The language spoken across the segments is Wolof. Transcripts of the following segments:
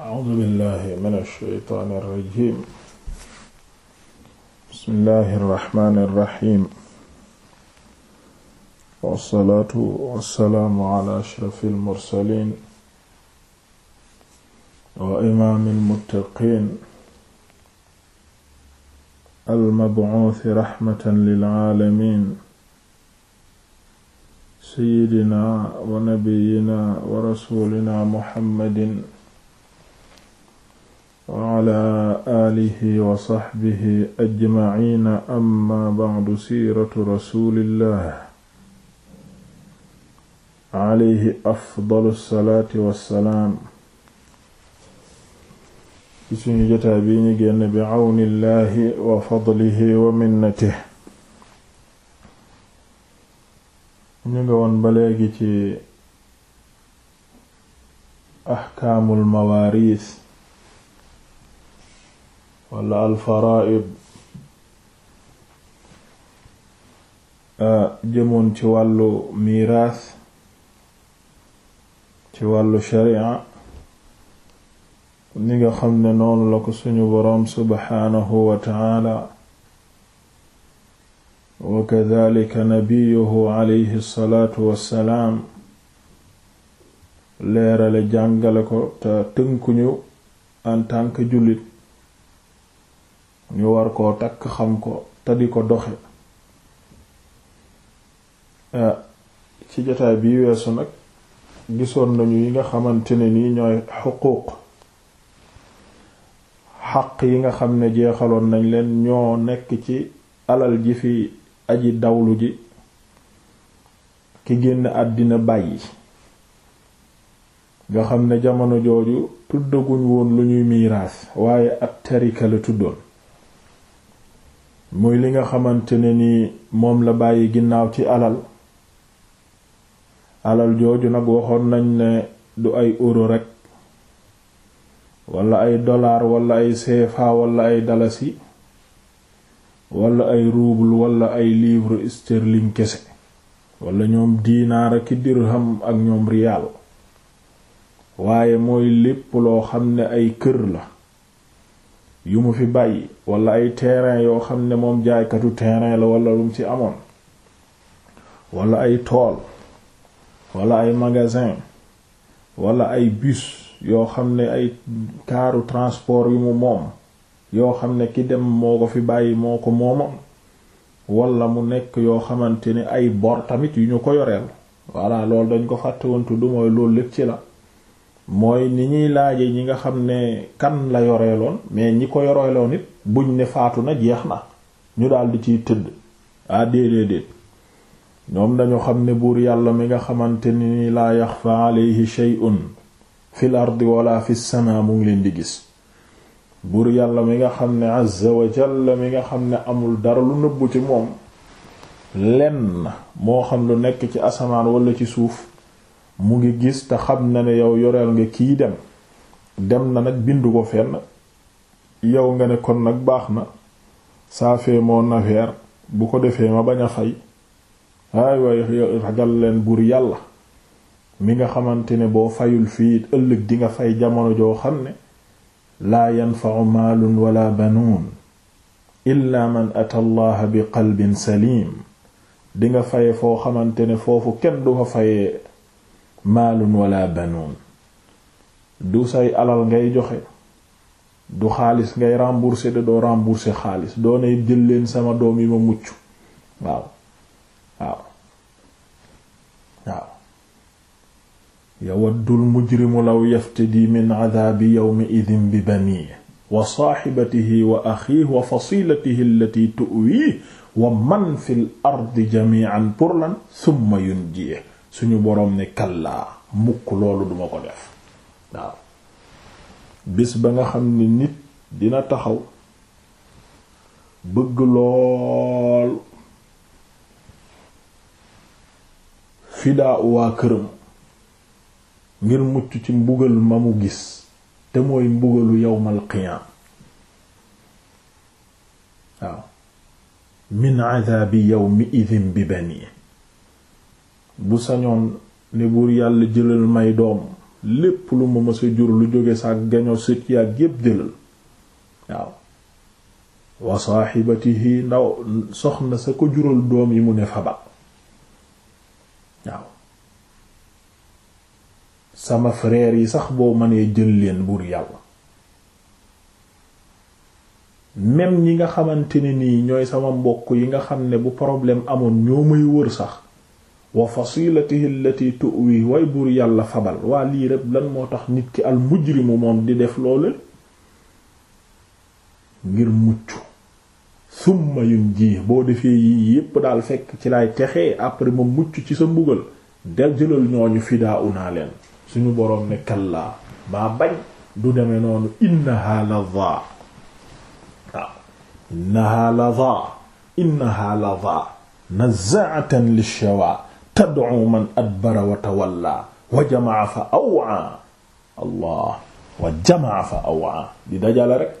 a'uuzu billahi mina shaytaani rajiim bismillahi rahmaani rahiim wassalaatu wassalaamu ala ashrafil mursaliin wa imaamil muttaqiin al-mab'uuthi rahmatan lil aalamiin sayyidinaa wa nabiyyinaa wa rasuulinaa muhammadin wala alihi wa saxbihi ajmaciina amma bacdu siiratu rasulillah alayhi afdalu salaati wassalaam ci suñu jotaa bi ñu génn bi cawni illahi wa fadlihi wa minnatihi ñu ba léegi ci axkaamul mawaaris wala alfaraid jëmoon ci wàllu miiraas ci wàllu sharia ni nga xam ne noon la suñu boroom subxaanahu wa tacaala wa kadalika nabiyuhu alayhi salaatu wassalaam leerale jàngale ko te tënkuñu en tant que julit ñu war ko takk xam ko te di ko doxe eh, ci jotaay bi weesu nag gisoon nañu yi nga xamante ne nii ñooy xuquuq xaq yi nga xam ne jeexaloon nañ leen ñoo nekk ci alal ji fi aji dawlu ji ki génn àddina bàyyi nga xam ne jamono jooju tuddaguñ woon lu ñuy miiraas waaye ak tarika la tuddoon muy li nga xamante ne ni moom la bàyyi ginnaaw ci alal alal jooju nag waxoon nañ ne du ay euro rekk walla ay dollar walla ay CFA walla ay dalasi walla ay rouble walla ay livre sterling kese walla ñoom diinaar ak dirham ak ñoom riyaal waaye mooy lépp loo xam ne ay kër la yu mu fi bàyyi wala ay terrain yoo xam ne moom jaaykatu terrain la wala lu mu ci amoon wala ay tool wala ay magasin wala ay bus yoo xam ne ay kaaru transport yu mu moom yoo xam ne ki dem moo ko fi bàyyi moo ko moomoon walla mu nekk yoo xamante ne ay bor tamit yu ñu ko yoreel voilà loolu dañ ko fàtte woon du mooy loolu lépp ci la mooy ni ñuy laaje ñi nga xam ne kan la yoreeloon mais ñi ko yoreeloon it buñ ne faatu na jeex na ñu daldi ciy tëdd ah déedéet déet ñoom dañu xam ne buur yàlla mi nga xamante ni laa yaxfa alayhi shay'un fil ardi samaa mu ngi leen di gis buur yàlla mi nga xam ne azza wa mi nga xam ne amul dara lu nëbbu ci moom lenn moo xam lu nekk ci asamaan wala ci suuf mu ngi gis te xam na ne yow yoreel nga kii dem dem na nag bindu ko fenn yow nga ne kon nag baax na ça fait mon bu ko defee ma bañ a fay ay ragal leen buur yàlla mi nga xamante ne boo fayul fii ëllëg di nga fay jamono joo xam ne laa yanfa'u maalun wala banuun illa man ata allaha bi qalbin salim di nga faye foo xamante ne foofu kenn du fa fayee maalun wala banoon du say alal ngay joxe du xaalis ngay rembourser da doo rembourser xaalis doo ne jël leen sama doom yi ma mucc waaw waaw waaw yawaddul mujrimu law yaftadi min adaabi yawmi idin bi baniihi wa saaxibatihi wa axiihi wa fasilatihi allati tu'wiihi wa man fil ardi jamii'an pour lan summa yunjiihi suñu boroom ne kallaa mukk loolu duma ko def waaw bis ba nga xam ne nit dina taxaw bëgg lool fidaa waa këram ngir mucc ci mbugal ma mu gis te mooy mbugalu yawmal qiyaam waaw min yow yawmi idin bi benn yi bu sañoon ne buur yàlla jëlal may doom lépp lu ma mësa jur lu jóge sa gaño sët yaag yépp jëlal waaw wa saaxibatihi ndaw soxna sa ko jural doom yi mu ne faba waaw sama frère yi sax boo mënee jël leen buur yàlla même ñi nga xamante ne nii ñooy sama mbokk yi nga xam ne bu problème amoon ñoo may wër sax wa fasilatihi allati tuwi way buur yàlla fabal waa lii rek lan moo tax nit ki al mujrimu moom di def loolu ngir mucc summa yun ji boo defee yii yépp daal fekk ci lay texee après ma mucc ci sa mbugal del jëlal ñooñu fidaa naa leen suñu boroom ne kallaa maa bañ du deme noonu innaha la va waaw innaha la va innaha la tad'u man adbara wa tawalla wa jamaa fa aw'a allah wa jamaa fa aw'a di dajale rek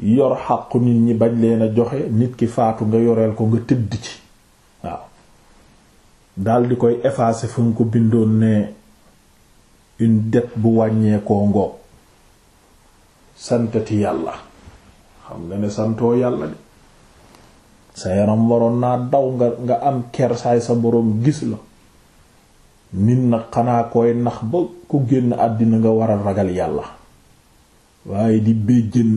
yor xàqu nit ñi bañ leen a joxe nit ki faatu nga yoreel ko nga tëdd ci waaw dal di koy effacer fu nga ko bindoon ne une bu wàññeekoo ngoog santati yàlla xam nga ne santoo yàlla de sa yaram waroon naa daw nga nga am ker saay sa boroom gis la nit nag xanaa koy nax ba ku génn àddina nga waral ragal yàlla waaye di béjjën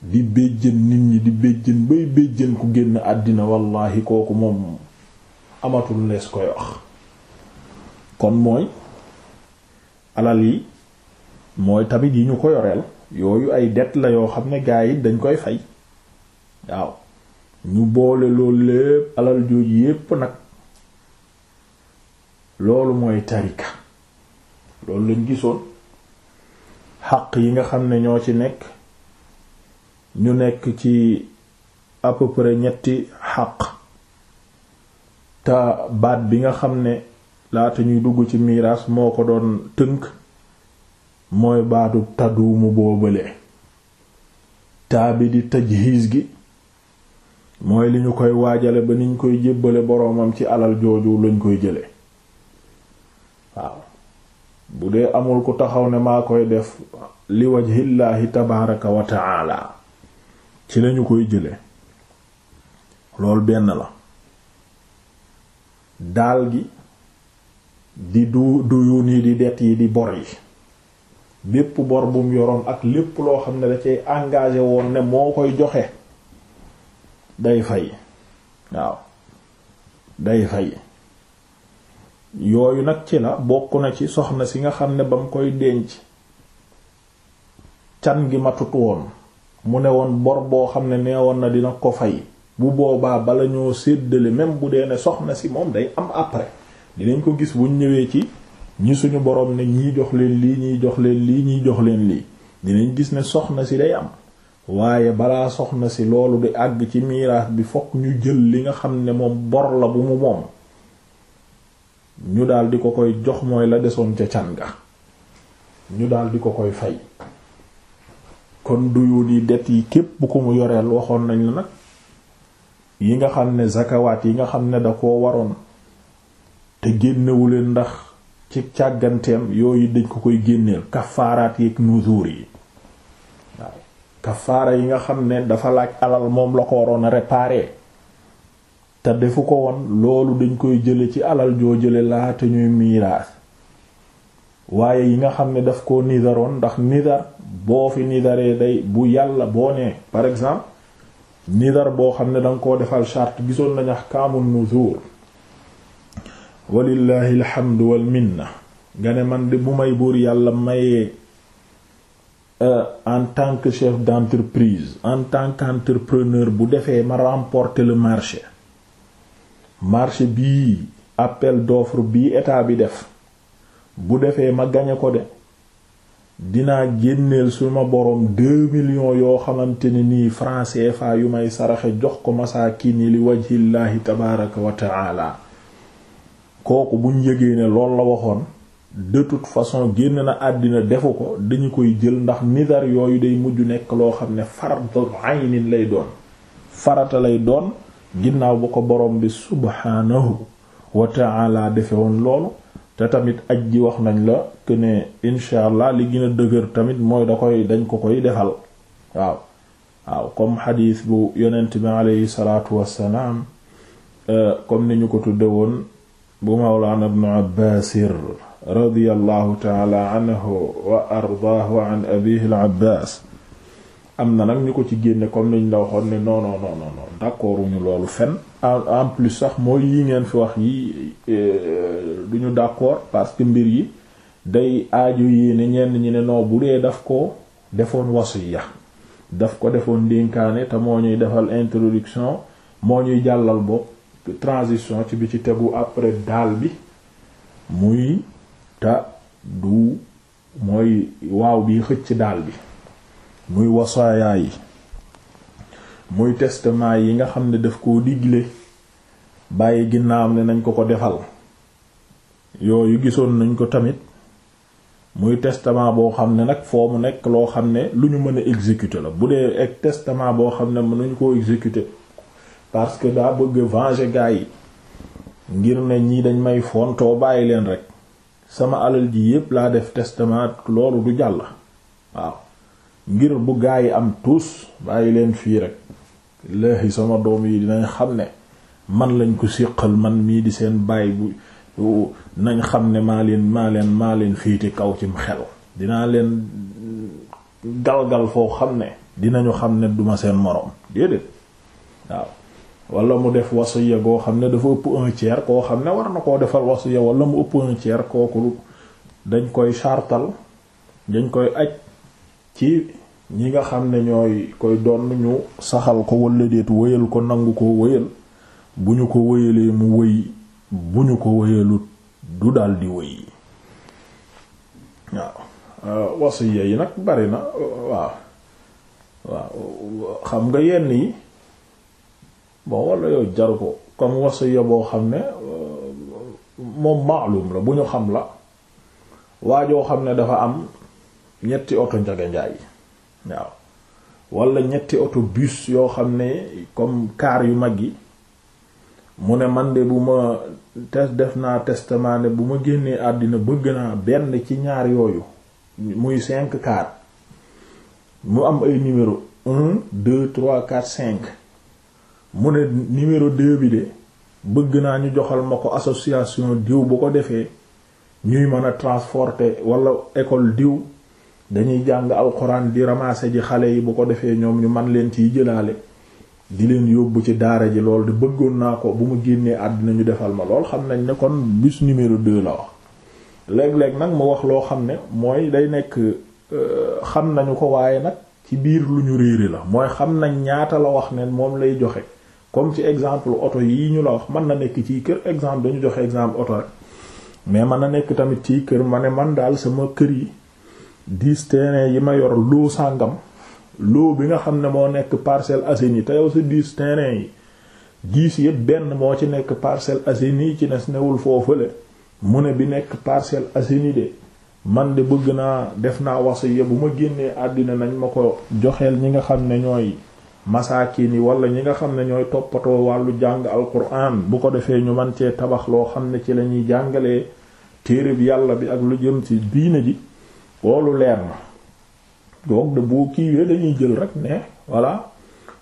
di béjjën nit ñi di béjjën bay béjjën ku génn àddina wallaahi kooku moom amatul lees koy wax kon mooy alal yi mooy tamit yi ñu ko yoreel yooyu ay det la yoo xam ne gaa yi dañ koy fay waaw ñu boole loolu lépp alal jooju yépp nag loolu mooy tarika loolu lañ gisoon xaq yi nga xam ne ñoo ci nekk ñu nekk ci à ñetti xaq te baat bi nga xam ne laata ñuy dugg ci miraas moo ko doon tënk mooy baatu tadduumu boobale taa bi di tajhiis gi mooy li ñu koy waajale ba niñ koy jébbale boroomam ci alal jooju lañ koy jële waaw bu dee amul ku taxaw ne maa koy def li wajhillaahi tabaaraka wa ci lañu koy jële loolu benn la daal gi di du duyu nii di det yi di bor yi bépp bor bum yoroon ak lépp loo xam ne da cay engagé woon ne moo koy joxe day fay day fay yooyu nag ci la bokk na ci soxna si nga xam ne ba mu koy denc can gi matut woon mu ne woon bor boo xam ne nee woon na dina ko fay bu boobaa bala ñoo séddale même bu dee ne soxna si moom day am après dinañ ko gis buñ ñëwee ci ñi suñu borom ne ñii jox leen lii ñii jox leen lii ñii jox leen lii dinañ gis ne soxna si day am waaye balaa soxna si loolu di àgg ci miraas bi fokk ñu jël li nga xam ne moom bor la bu mu moom ñu daal di ko koy jox mooy la desoon ca can ga ñu daal di ko koy fay kon duyu di det yi képp ko mu yoreel waxoon nañ nag yi nga xam ne zakawaat yi nga xam ne da ko waroon te leen ndax ci càgganteem yooyu dañ ko koy génneel kafaaraat yeeg nuzuur yi kafaara yi nga xam ne dafa laaj alal moom la ko ron a réparer te defu ko woon loolu dañ koy jële ci alal joo jële laata ñuy miiraas waaye yi nga xam ne daf ko nidaroon ndax nidar boo fi nidaree day bu yàlla boo nee par exemple nidar boo xam ne danga ko defal charte gisoon nañu kaamu nuzur walillahi alhamdu wal minna nga ne man bu may buur yàlla mayee Euh, en tant que chef d'entreprise en tant qu'entrepreneur bu defee ma remporter le marché marché bii appel d'offre bii état bi def bu defee ma gañe ko de dinaa génneel suma boroom deux millions yoo xamante ne nii francs CFA yu may saraxe jox ko masaakin yi li wajhillaahi tabaaraka wa ta'ala kooku buñ yëgee ne loolu la waxoon de toute façon génn na àddina defu ko dañu koy jël ndax nidar yooyu day mujj nekk loo xam ne fardu aynin lay doon farata lay doon ginnaaw bu ko borom bi subhaanahu wa defewoon defe loolu te tamit aj ji wax nañ la que ne incha allah li gën dëgër tamit mooy da koy dañ ko koy defal waaw waaw comme xadiis bu yonent bi aleyhi salaatu wassalaam euh, comme ni ñu ko tudde woon bu mawlaana ibnu abbaasir radiyallahu taala anhu wa ardaahu wa an abihi al-Abbaas am na nag ñu ko ci génne comme niñ la waxoon ne non non non non d'accord ñu loolu fen en plus sax mooy yi ngeen fi wax yi euh, du ñu d'accord parce que mbir yi day aaju yéene ñenn ñi ne non bu dee daf ko defoon wasiya daf ko defoon ndénkaane te moo ñuy defal introduction moo ñuy jàllal bopp transition ci bi ci tegu après daal bi muy te du mooy waaw bi xëcc daal bi muy wasaayaa yi muy testament yi nga xam ne daf koo digle bàyyi ginnaawam ne nañ ko ko defal yooyu gisoon nañ ko tamit muy testament boo xam ne nag foo nekk loo xam ne lu ñu mën a exécuter la bu dee ak testament boo xam ne mënuñ koo exécuter parce que daa bëgg venger gaa yi ngir ne ñii dañ may fontoo bàyyi leen rek sama alal ji yépp laa def testament loolu du jàll waaw ngir bu gaa yi am tuus bàyyi leen fii rek léegi sama doom yi dinañ xam ne lañ ko siqal man mii di seen baay nañ xam ne maa leen maa leen maa leen fiiti kaw cim xel dinaa leen galgal foo xam ne dinañu xam ne duma seen moroom déedéet waaw wala mu def wasiya goo xam ne dafa ëpp un tiers koo xam ne war na koo defal wasiya wala mu ëpp un tiers kooku dañ koy chartal dañ koy aj ci ñi nga xam ne ñooy koy doon ñu saxal ko wala déet wëyal ko nangu ko wëyal bu ñu ko wëyalee mu wëy bu ñu ko wëyalut du daldi wëy waaw euh, wasiya yi nag bari na waaw waaw xam nga yenn yi bon wala yooyu jaru ko comme wasiya boo xam ne euh, moom maalum la bu ñu xam la waajoo xam ne dafa am ñetti oto njaga njaay waaw wala ñetti autobus yoo xam ne comme car yu mag yi mu ne man de bu ma test def naa testament ne bu ma génnee àddina bëgg naa benn ci ñaar yooyu muy cinq car mu am ay numéro un deux trois quatre cinq mu ne numéro 2 bi de bëgg naa ñu joxal ma ko association diw bu ko defee ñuy mën a transporter wala école diw dañuy jàng alxuraan di ramasser ji xale yi bu ko defee ñoom ñu man leen ciy jëlaale di leen yóbbu ci daara ji lool de bëggoon naa ko bu mu génnee àdduna ñu defal ma lool xam nañ ne kon bus numéro 2 la wax léeg-léeg nag mu wax loo xam ne mooy day nekk euh, xam nañu ko waaye nag ci biir lu ñu réere la mooy xam na ñaata la wax ne moom lay joxe comme ci exemple oto yi ñu la wax mën na nekk ci kër exemple dañu joxe exemple oto rek mais man na nekk tamit ci kër ma ne man daal sama kër yi dix terrain yi ma yor loo sàngam loo bi nga xam ne moo nekk parcelle Assainies te yow sa dix terrain yi dix yëpp benn moo ci nekk Parcelles Assainies ci nes newul foofale mu ne bi nekk Parcelles Assainies de man de bëgg naa def naa wax wasiya bu ma génnee àddina nañ ma ko joxeel ñi nga xam ne ñooy masaakin yi wala ñi nga xam ne ñooy toppatoo wàllu jàng alquran bu ko defee ñu man cee tabax loo xam ne ci la ñuy jàngalee téere bi yàlla bi ak lu jëm ci diine ji loolu leer na donc de boo kiiwee dañuy jël rek ne voilà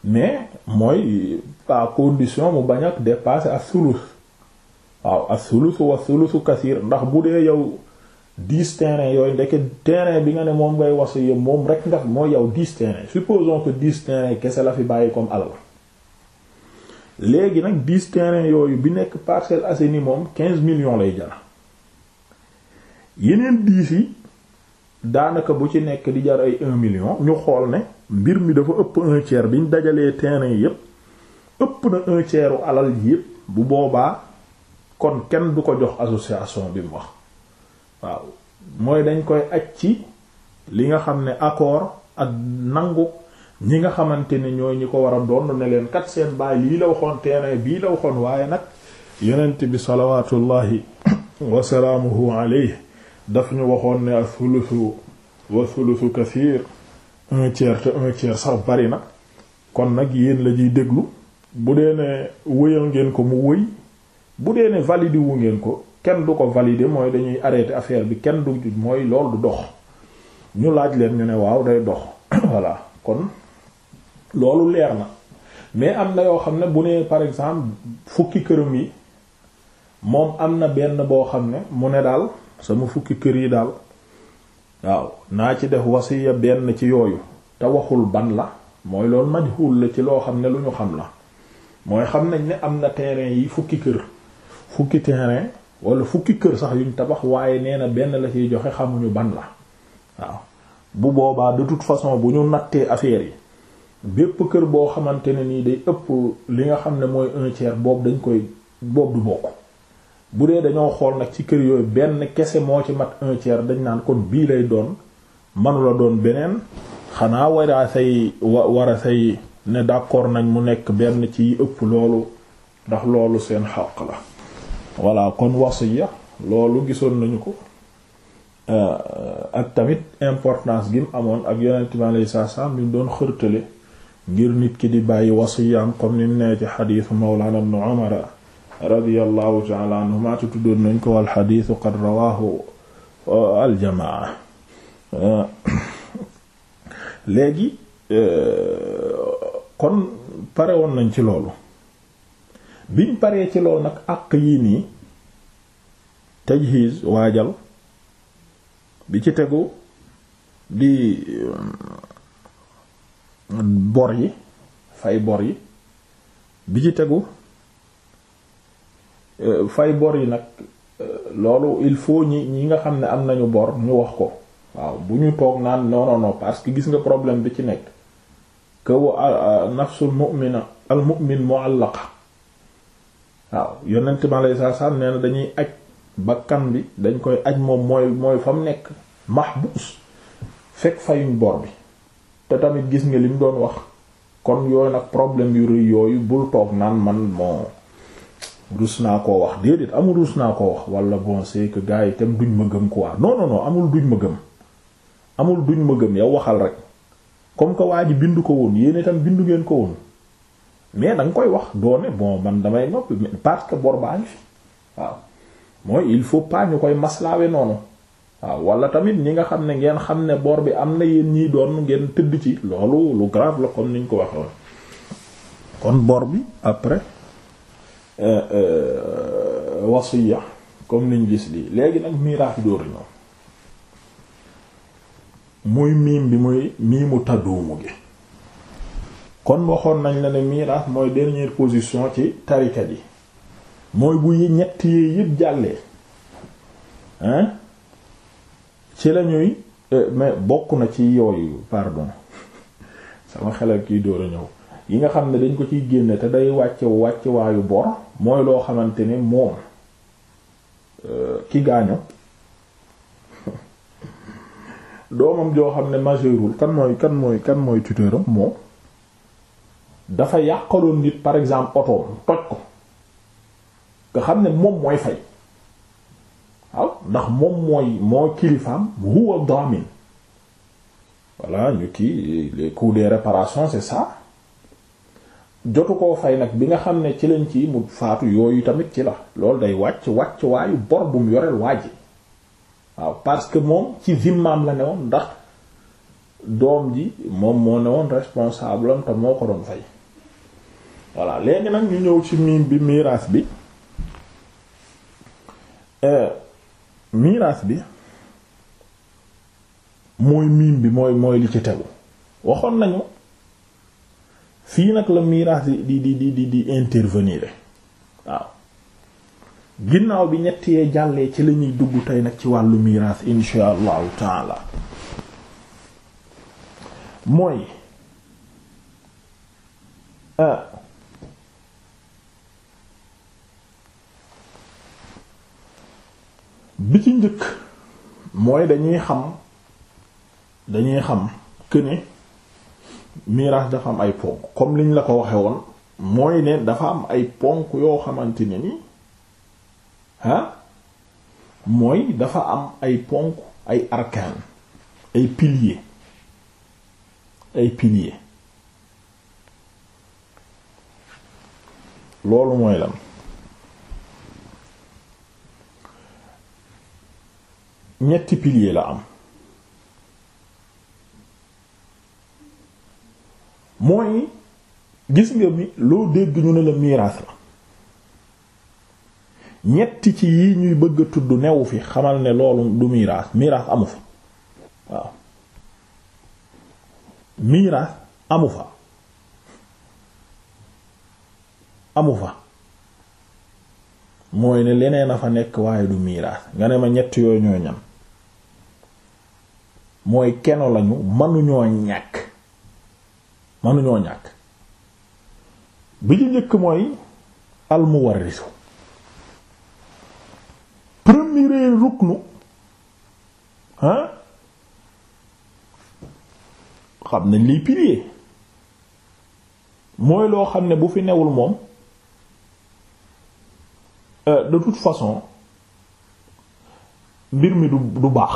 mais mooy à condition mu bañ a dépasser as-sulus waaw as-sulus wa as-sulusu kasiir ndax bu dee yow dix terrain yooyu ndeke terrain bi nga ne moom ngay wasu yëpp moom rek nga mooy yow dix terrain supposons que dix terrain kese la fi bàyyi comme alal léegi nag dix terrain yooyu bi nekk Parcelles Assainies moom quinze millions lay jar yeneen dix yi daanaka bu ci nekk di jar ay un million ñu xool ne mbir mi dafa ëpp un tiers bi ñu dajalee terrain yépp ëpp na un tiers u alal yépp bu boobaa kon kenn du ko jox association bi mu wax waaw mooy dañ koy aj ci li nga xam ne accord ak nangu ñi nga xamante ne ñooy ñi ko war a doon ne leen kat seen baay lii la waxoon teenee bii la waxoon waaye nag yonent bi salawaatullahi wasalaamuhu alayhi daf ñu waxoon ne athuluthu wa thuluthu kathir un tiers te un tiers sax bari na kon nag yéen la ñuy déglu bu dee ne wëyal ngeen ko mu wëy bu dee ne valide wu ngeen ko kenn du ko valider mooy dañuy arrêter affaire bi kenn du mooy lool du dox ñu laaj leen ñu ne waaw day dox voilà kon loolu leer na mais am na yoo xam ne bu nee par exemple fukki këram yi moom am na benn boo xam ne mu ne daal sama fukki kër yi daal waaw naa ci def wasiya benn ci yooyu te waxul ban la mooy loolu majhul la ci loo xam ne lu ñu xam la mooy xam nañ ne am na terrain yi fukki kër fukki terrain wala fukki kër sax yuñ tabax waaye nee na benn la ciy joxe xamuñu ban la waaw bu boobaa de toute façon bu ñu nattee affaire yi bépp kër boo xamante ne nii day ëpp li nga xam ne mooy un tiers boobu dañ koy boobu du bokk bu dee dañoo xool nag ci kër yooyu benn kese moo ci mat un dañ naan kon bii lay doon manula doon beneen xanaa waraa say wa war a say ne d'accord nañ mu nekk benn ci ëpp loolu ndax loolu seen xaq la voilà kon wasiya loolu gisoon nañu ko euh, ak tamit importance gi mu amoon ak yonent bi alayhi salaam bi mu doon xërtale ngir nit ki di bàyyi wasiyaam comme ni mu nee ci xadiisu Mawlaana ibnu Umar radiyallahu ta'ala anhuma tuddoon nañ ko wal xadiisu qad rawaahu euh, aljamaa euh, léegi kon parewoon nañ ci loolu. biñ paree ci lool nag àq yi nii tajhiz waajal bi ci tegu di um, bor yi fay bor yi bi ci tegu uh, fay bor yi nag uh, loolu il faut ñi ñi nga xam ne am nañu bor ñu wax ko waaw bu ñu toog naan non non parce que gis nga problème bi ci nekk que wa uh, nafsul mu'mina al mu'min mu'allaqa waaw yonent ma lay saa saa nee na dañuy aj bakkan bi dañ koy aj moom mooy mooy fa mu nekk mahbus fekk fayuñ bor bi te tamit gis nga li doon wax kon yooyu nag problème yu rëy yooyu bul toog naan man moo rus naa koo wax déedéet amul rus naa koo wax wala bon c'est que yi itam duñ ma gëm quoi non non non amul duñ ma gëm amul duñ ma gëm yow waxal rek comme que waa ji bindu ko woon yéen itam bindu ngeen ko woon. mais da koy wax doone bon man damay noppi parce que bor baa fi waaw mooy il faut pas ñu koy maslaawe noonu waaw wala tamit ñi nga xam ne ngeen xam ne bor bi am na yéen ñiy doon ngeen tëdd ci loolu lu grave la comme niñ ko waxoon kon bor bi après euh, euh, wasiya comme niñ gis lii léegi nag miraas dóor ñoom muy miim bi muy miimu tadduumu gi kon waxoon nañ la ne miraas mooy dernière position ci tarika ji mooy bu ñett yee yëpp jàllee hein ci lañuy euh, bokk na ci yooyu pardon sama xelal kiy dóor a ñëw yi nga xam ne dañ ko ciy génne te day wàcce wàcce waayu bor mooy loo xamante ne moom euh, ki gaaño doomam joo xam ne majeurul kan mooy kan mooy kan mooy tuteeram moom dafa yàqaloon nit par exemple oto toj ko nga xam ne moom mooy fay waaw ndax moom mooy moo kilifaam huwa damin voilà ñu kii les coûts des réparations c'est ça jotu koo fay nag bi nga xam ne ci lañ ci mu faatu yooyu tamit ci la loolu day wàcc wàcc waayu bor bu mu yoreel waaji waaw parce que moom ci zimmaam la ne woon ndax doom ji moom moo ne woon responsable te moo ko doon fay voilà léegi nag ñu ñëw ci miim bi miraas bi euh, miraas bi mooy miim bi mooy mooy li ci tegu waxoon nañu fii nag la miraas di di di di intervenir waaw ginnaaw bi ñett yee jàllee ci lañuy dugg tey nag ci wàllu miraas insha allahu taala mooy euh, bi ci njëkk mooy dañuy xam dañuy xam que ne miraas dafa am ay ponk comme liñ la ko waxe woon mooy ne dafa am ay ponk yoo xamante ne ni ah, mooy dafa am ay ponk ay arkaan ay piliers ay piliers loolu mooy lan ñetti pilier la am mooy gis nga mi loo dégg ñu ne la miraas la ñetti ci yi ñuy bëgg a tudd newu fi xamal ne loolu du miraas miraas amu fa waaw miraas amu fa amu fa mooy ne leneen a fa nekk waaye du miraas nga ne ma ñett yooyu ñoo ñam mooy keno lañu mënuñoo ñàkk mënuñoo ñàkk bi ñu njëkk mooy almuwarrisu premier ruknu ah xam nañ liy pilier mooy loo xam ne bu fi newul moom euh, de toute façon mbir mi du du baax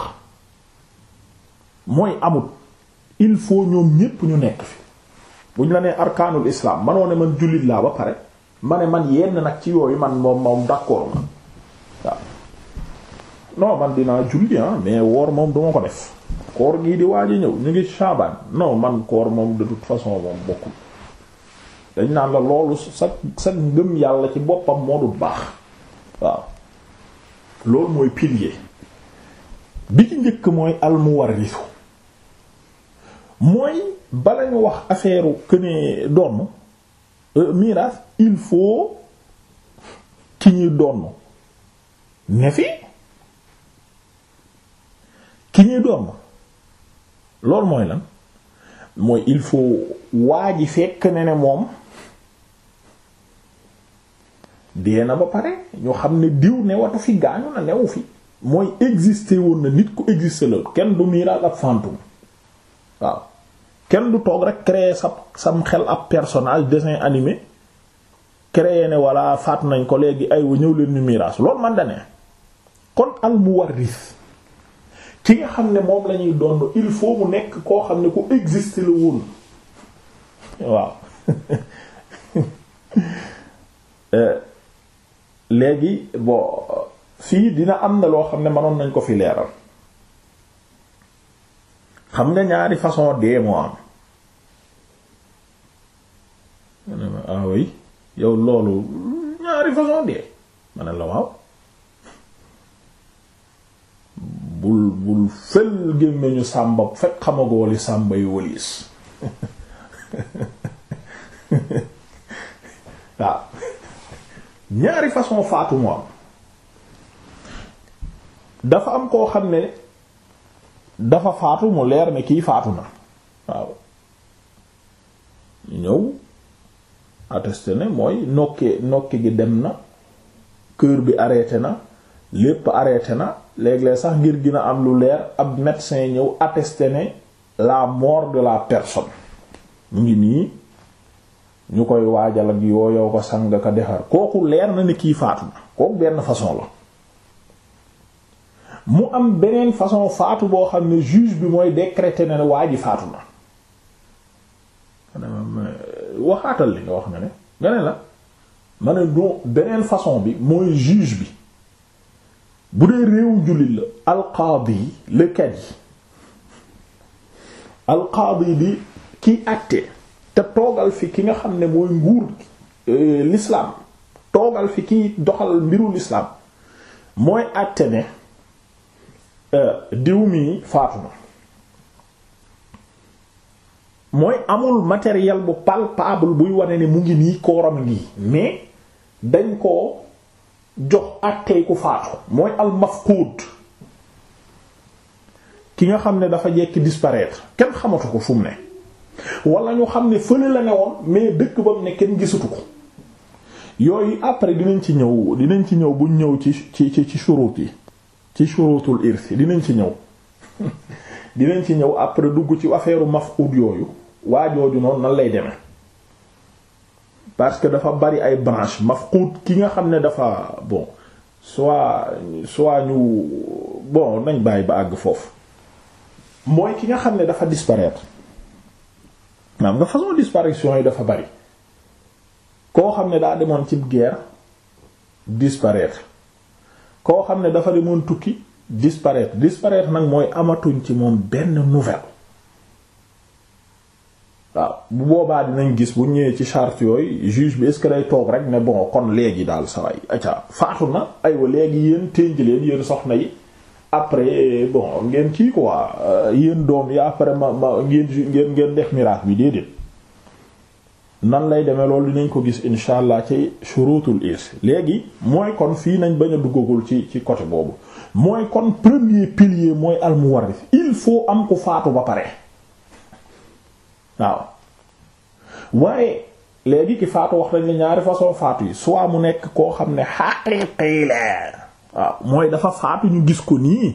mooy amut il faut ñoom ñépp ñu nekk fi bu ñu la nee arkaanul islam manoo ne man jullit laa ba pare ma ne man yenn nag ci yooyu man moom moom d'accord man waaw non man dinaa julli ah mais woor moom duma ko def koor gii di waaj a ñëw ñu ngi Shaabaan non man koor moom de toute façon moom bokkul dañ naan la loolu sa sa ngëm yàlla ci boppam moo dul baax waaw loolu mooy pilier bi ci njëkk mooy almuwarrisu mooy bala ñu wax affaire que ne donn euh, miraas il faut ki ñuy donn ne fi ki ñuy donn loolu mooy lan mooy il faut waa ji fekk ne ne moom dee na ba pare ñu xam ne diw ne watu fi gaañu na newu fi mooy exister woon na nit ku exister la kenn du miraas ab fantôme waaw kenn du toog rek créer sa sam xel ab personnage dessin animé créer ne walla faat nañ ko léegi ay wa ñëw leen ñu miraas loolu man ne kon al muwarris ki nga xam ne moom la ñuy doon il faut mu nekk koo xam ne ku existe la woon waaw euh, léegi bo fii dina am na loo xam ne mënoon nañ ko fi leeral xam nga ñaari façon dee moo am ma ah yow loolu ñaari façon dee ma la waaw bul bul fël gémmeñu sàmba fekk xamagoo li sàmba yu wëliis waaw ñaari façon faatu mu am dafa am koo xam ne dafa faatu mu leer ne kii faatu na waaw ñëw attesté ne mooy nokke nokke gi dem na kër bi arrêté na lépp arrêté na léeg sax ngir gina am lu leer ab médecin ñëw attesté ne la mort de la person mu ngi nii ñu koy waajal ak yoo yow ko sang ka defar kooku leer na ne kii faatu na kooku benn façon la mu am beneen façon faatu boo xam ne juge bi mooy décréter ne waa ji faatu na waxaatal li nga wax nga ne nga ne la ma ne do beneen façon bi mooy juge bi bu dee réewu jullit la alqaadi yi le kadi alqaadi bi kiy àtte te toogal fi ki nga xam ne mooy nguur euh, l'islam toogal fi kiy doxal mbiru l'islam mooy àtte ne euh, diw mi faatu na mooy amul matériel bu palpable buy wane ne mu ngi nii kooram ngi mais dañ koo jox àttee ku faatu mooy almafquud ki nga xam ne dafa jekki disparaître kenn xamatu ko fu ne wala ñu xam ne fële la ne woon mais dëkk ba mu ne kenn gisatu ko yooyu après dinañ ci ñëw dinañ ci ñëw buñ ñëw ci ci ci shurut yi ci shurutul irsi dinañ ci ñëw dinañ ci ñëw après dugg ci affaire mafquud yooyu waa waajooju noonu nan lay demee parce que dafa bari ay branche mafqud ki nga xam ne dafa bon soit soit ñu bon nañ bàyyi ba àgg foofu mooy ki nga xam ne dafa disparaître maanaam nga façon disparition yi dafa bari koo xam ne daa demoon ci guerre disparaître koo xam ne dafa demoon tukki disparaître disparaître nag mooy amatuñ ci moom benn nouvelle waaw bu boobaa dinañ gis bu ñëwee ci charte yooyu juge bi est-ce day toog rek ne bon kon léegi daal saway aca faatu na aywa léegi yéen ténj leen yéen soxna yi après bon ngeen kii quoi euh, yéen doom yi après ma ma ngeen ngeen ngeen def miraas bi déedéet nan lay demee loolu dinañ ko gis insha allah ci shurutul is léegi mooy kon fii nañ bañ a duggagul ci ci côté boobu mooy kon premier pilier mooy almuwarris il faut am ko faatu ba pare waaw waaye léegi ki faatu wax nañ ñaari façon faatu yi soit mu nekk koo xam ne xaqiiqi la waaw mooy dafa faatu ñu gis ko nii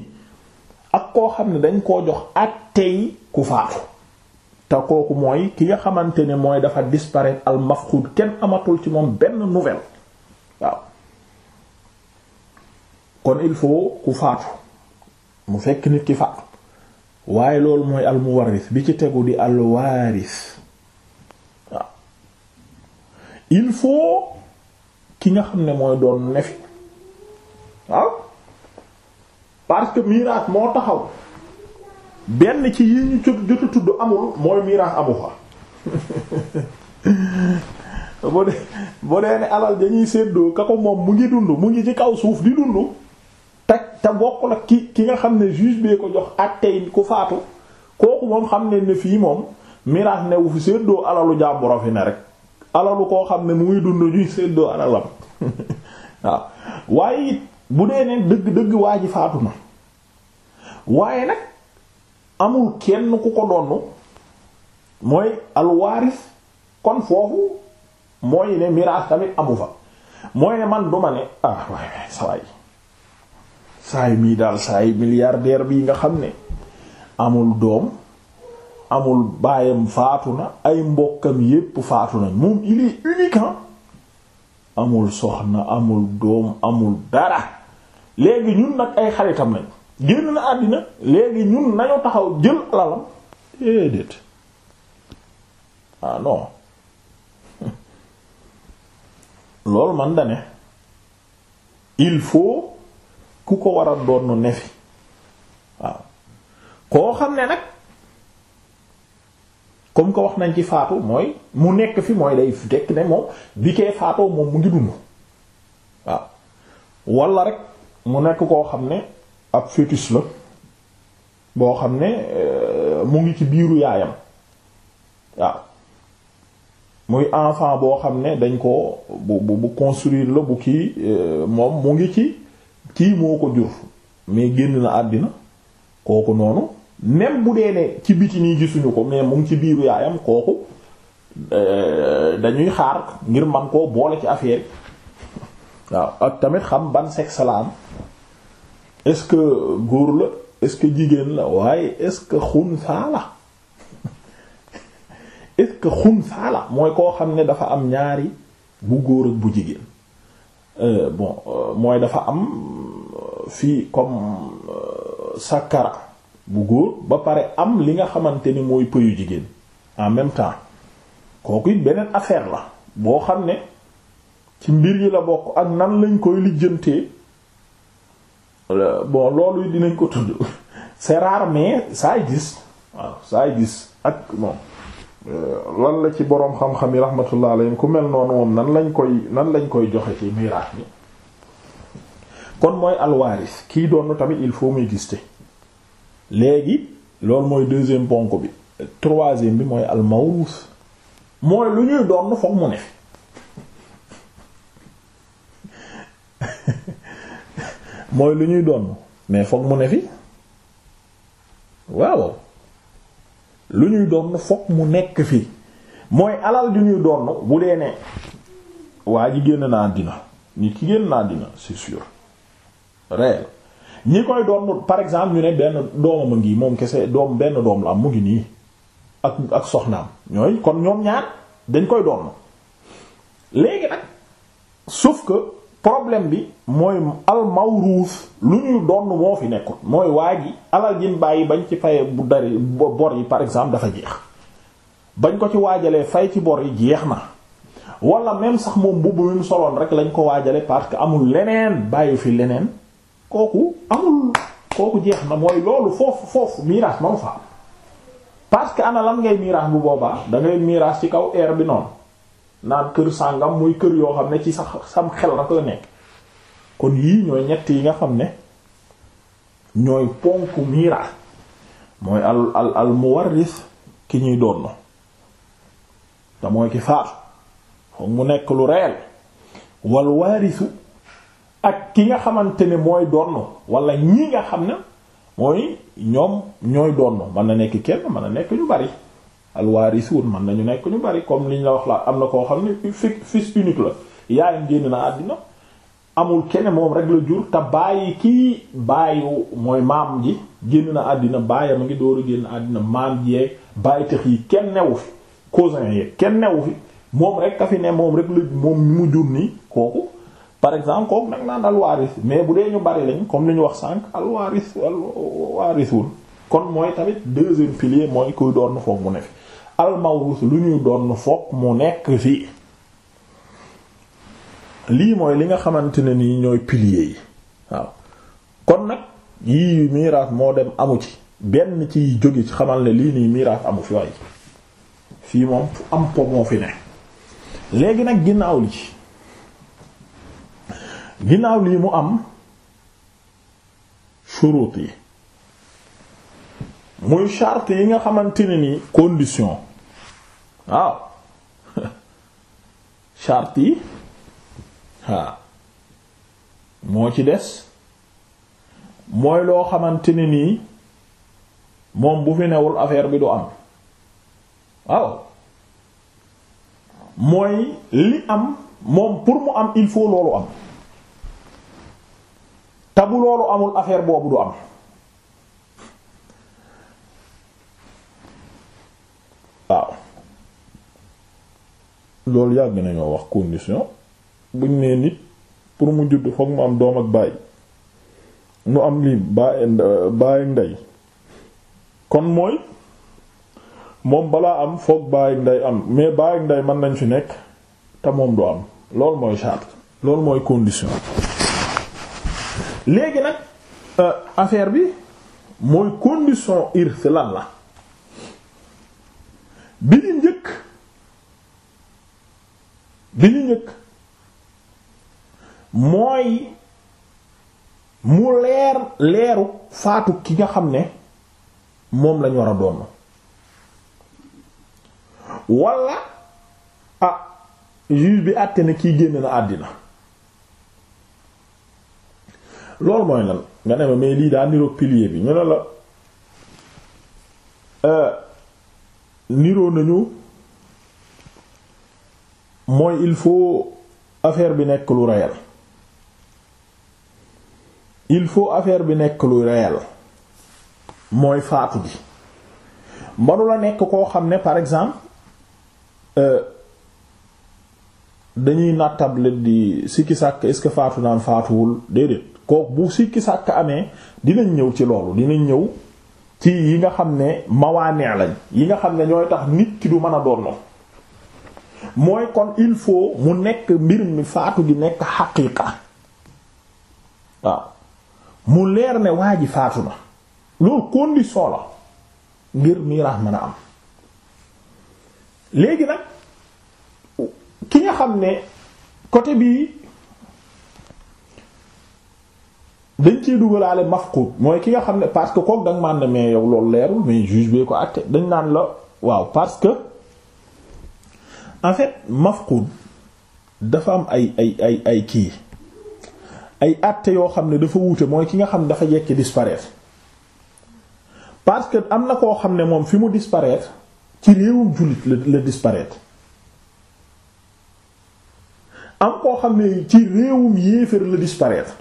ak koo xam ne dañ koo jox ak tey ku faatu te kooku mooy ki nga xamante ne mooy dafa disparaître al kenn amatul ci moom benn nouvelle waaw kon il faut ku faatu mu fekk nit ki faatu waaye loolu mooy al muwarris bi ci tegu di al waaris il faut ki nga xam ne mooy doon nefi waaw parce que miraas moo taxaw benn ci yi ñu jot jot tudd amul mooy miraas amu fa boo dee boo dee ne alal dañuy séddoo ka ko moom mu ngi dund mu ngi ci kaw suuf di dund te te bokkul ak ki ki nga xam ne juge bee ko jox ak tey ku faatu kooku moom xam ne ne fii moom miraas newu fi séddoo alalu jàmburo fi ne rek alalu koo xam ne mu ngi dund ñuy séddoo alalam waaw waaye it bu dee ne dëgg dëgg waa ji faatu na waaye nag amul kenn ku ko donn mooy alwaaris kon foofu mooy ne miraas tamit amu fa mooy ne man duma ne ah waaye waaye saay mii daal saay milliardaire bii nga xam ne amul doom amul baayam faatu na ay mbokkam yépp faatu na moom il est unique amul soxna amul doom amul dara léegi ñun nag ay xaritam nañ génn na àddina léegi ñun nañu taxaw jël alalam déedéet ah loolu man da ne il faut ku ko waral a doon ne fi waaw koo xam ne nag comme ko wax nañ ci faatu mooy mu nekk fi mooy day tekk ne moom bi kee faatoo moom mu ngi dund mu nekk koo xam ne ab fœtus boo xam ne euh, mu ngi ci biiru yaayam waaw muy enfant boo xam ne dañ ko bu bu bu construire la bu kii euh, moom mu ngi ci kii moo ko jur mais génn na àddina kooku noonu même bu dee ne ci biti nii gisuñu ko mais mu ngi ci biiru yaayam kooku euh, dañuy xaar ngir man koo boole ci affaire waaw tamit xam ban sexe la am est-ce que góor la est jigéen la waaye est-ce que xunsaa la est-ce que xunsaa la mooy koo xam ne dafa am ñaari bu góor ak bu jigéen euh, bon euh, mooy dafa am fii comme euh, sàkkara bu góor ba pare am li nga xamante ni mooy pëyu jigéen en même temps kooku it beneen affaire la boo xam ne ci mbir yi la bokk ak nan lañ koy lijjantee boo loolu dinañ ko tudd c'est rare mais ça existe waaw ça existe ak bon euh, lan la ci boroom xam-xam yi rahmatullah alayhi ku mel noonu moom nan lañ koy nan lañ koy joxe ci miraas mi kon mooy alwaaris kii doon tamit il faut mu exister léegi loolu mooy deuxième ponk bi troisième bi mooy almawruus mooy lu ñuy doon foog mu fi mooy lu ñuy doon mais mu ne fi waaw lu ñuy doon foog mu nekk fi mooy alal ju ñuy doon bu dee ne waa ji génn naa dina nit ki génn naa dina c'est sûr réel ñi koy doon par exemple ñu ne benn doomam a ngi moom kese doom benn doom la am mu ngi nii ak ak soxnaam ñooy kon ñoom ñaar dañ koy doon léegi nag sauf que problème bi mooy al mawruuf lu ñuy doon moo fi nekkut mooy waa ji alal jin bàyyi bañ ci faye bu dari bor yi par exemple dafa jeex bañ ko ci waajalee fay ci bor yi jeex na wala même sax moom mbubb mi mu soloon rek lañ ko waajale parce que amul leneen bàyyi fi leneen kooku amul kooku jeex na mooy loolu foofu foofu miraas manu fa am parce que ana ngay miraas bu boobaa dangay ngay miraas ci kaw air bi noonu naan kër sàngam muy kër yoo xam ne ci sax sam xel rek la nekk kon yii ñooy ñett yi nga xam ne ñooy ponk miraas mooy al al al muwarris ki ñuy doon te mooy ki faatu foog mu nekk lu réel wal ak ki nga xamante ne mooy donn wala ñi nga xam na mooy ñoom ñooy donn man na nekk kenn man na nekk ñu bari alwaarisuun mën ñu nekk ñu bari comme liñ la wax la am na koo xam ne fii fils unique la yaayam génn na àddina amul kenn moom rek la jur te bàyyi kii bàyyiwu mooy maam gi génn na àddina bàyyam a ngi a génn àddina maam yee yeeg bàyyi tëx yi kenn newu fi cousin yeeg kenn newu fi moom rek ka fi ne moom rek la moom mu jur nii kooku par exemple kooku nag naan alwaaris mais bu dee ñu bari lañ comme li ñu wax sànq alwaaris alwaarisul kon mooy tamit deuxième pilier mooy kuy doon foog mu ne fi almawrus lu ñuy doon foog mu nekk fii lii mooy li nga xamante ne nii ñooy piliers yi waaw kon nag yii miraas moo dem amu ci benn ci jóge ci xamal ne lii nii miraas amu fi waaye fii moom am po moo fi ne léegi nag ginnaaw li ginnaaw lii mu am churut yi muy charte yi nga xamante ne ni condition waaw charte yi waaw moo ci des mooy loo xamante nii moom bu fi newul affaire bi du am waaw mooy li am moom pour mu am il faut loolu am te loolu amul affaire boobu du am waaw loolu yàgg nañoo wax condition buñ nee nit pour mu judd fokk mu am doom ak baay mu am lii baay baay kon mooy moom balaa am fokk baay ak am mais baay ak ndey mën nañ fi nekk te moom du am loolu mooy charte loolu mooy condition léegi nag euh, affaire bi mooy condition irs lan la bi ñu njëkk bi ñu njëkk mooy mu leer leeru faatu ki nga xam ne moom lañ war a doon walla ah juge bi àtte na kiy génn na àddina loolu mooy lan nga ne mais lii daa niroo pilier bi ñu ne la euh, niroo nañu mooy il faut affaire bi nekk lu réel il faut affaire bi nekk lu réel mooy faatu gi manu la nekk koo xam ne par exemple euh, dañuy nattable di sikki sàkk est-ce faatu naan faatuwul déedéet kooku bu sikki sàkk amee dinañ ñëw ci loolu dinañ ñëw ci yi nga xam ne mawaanee lañ yi nga xam ne ñooy tax nit ki du mën a doon noonu mooy kon il faut mu nekk mbir mi faatu gi nekk xaqiiqa waaw mu leer ne waa ji faatu na loolu condition la ngir miraas mën a am léegi nag ki nga xam ne côté bii dañ ciy dugalaale mafqud mooy ki nga xam ne parce que kook danga man mais yow loolu leerul mais juge bee ko àtte dañ naan la waaw parce que en fait mafqud dafa am ay ay ay ay kii ay àtte yoo xam ne dafa wuute mooy ki nga xam ne dafa yekk disparaître parce que am na koo xam ne moom fi mu disparaître ci réewum jullit la disparaître am koo xam ne ci réewum la disparaître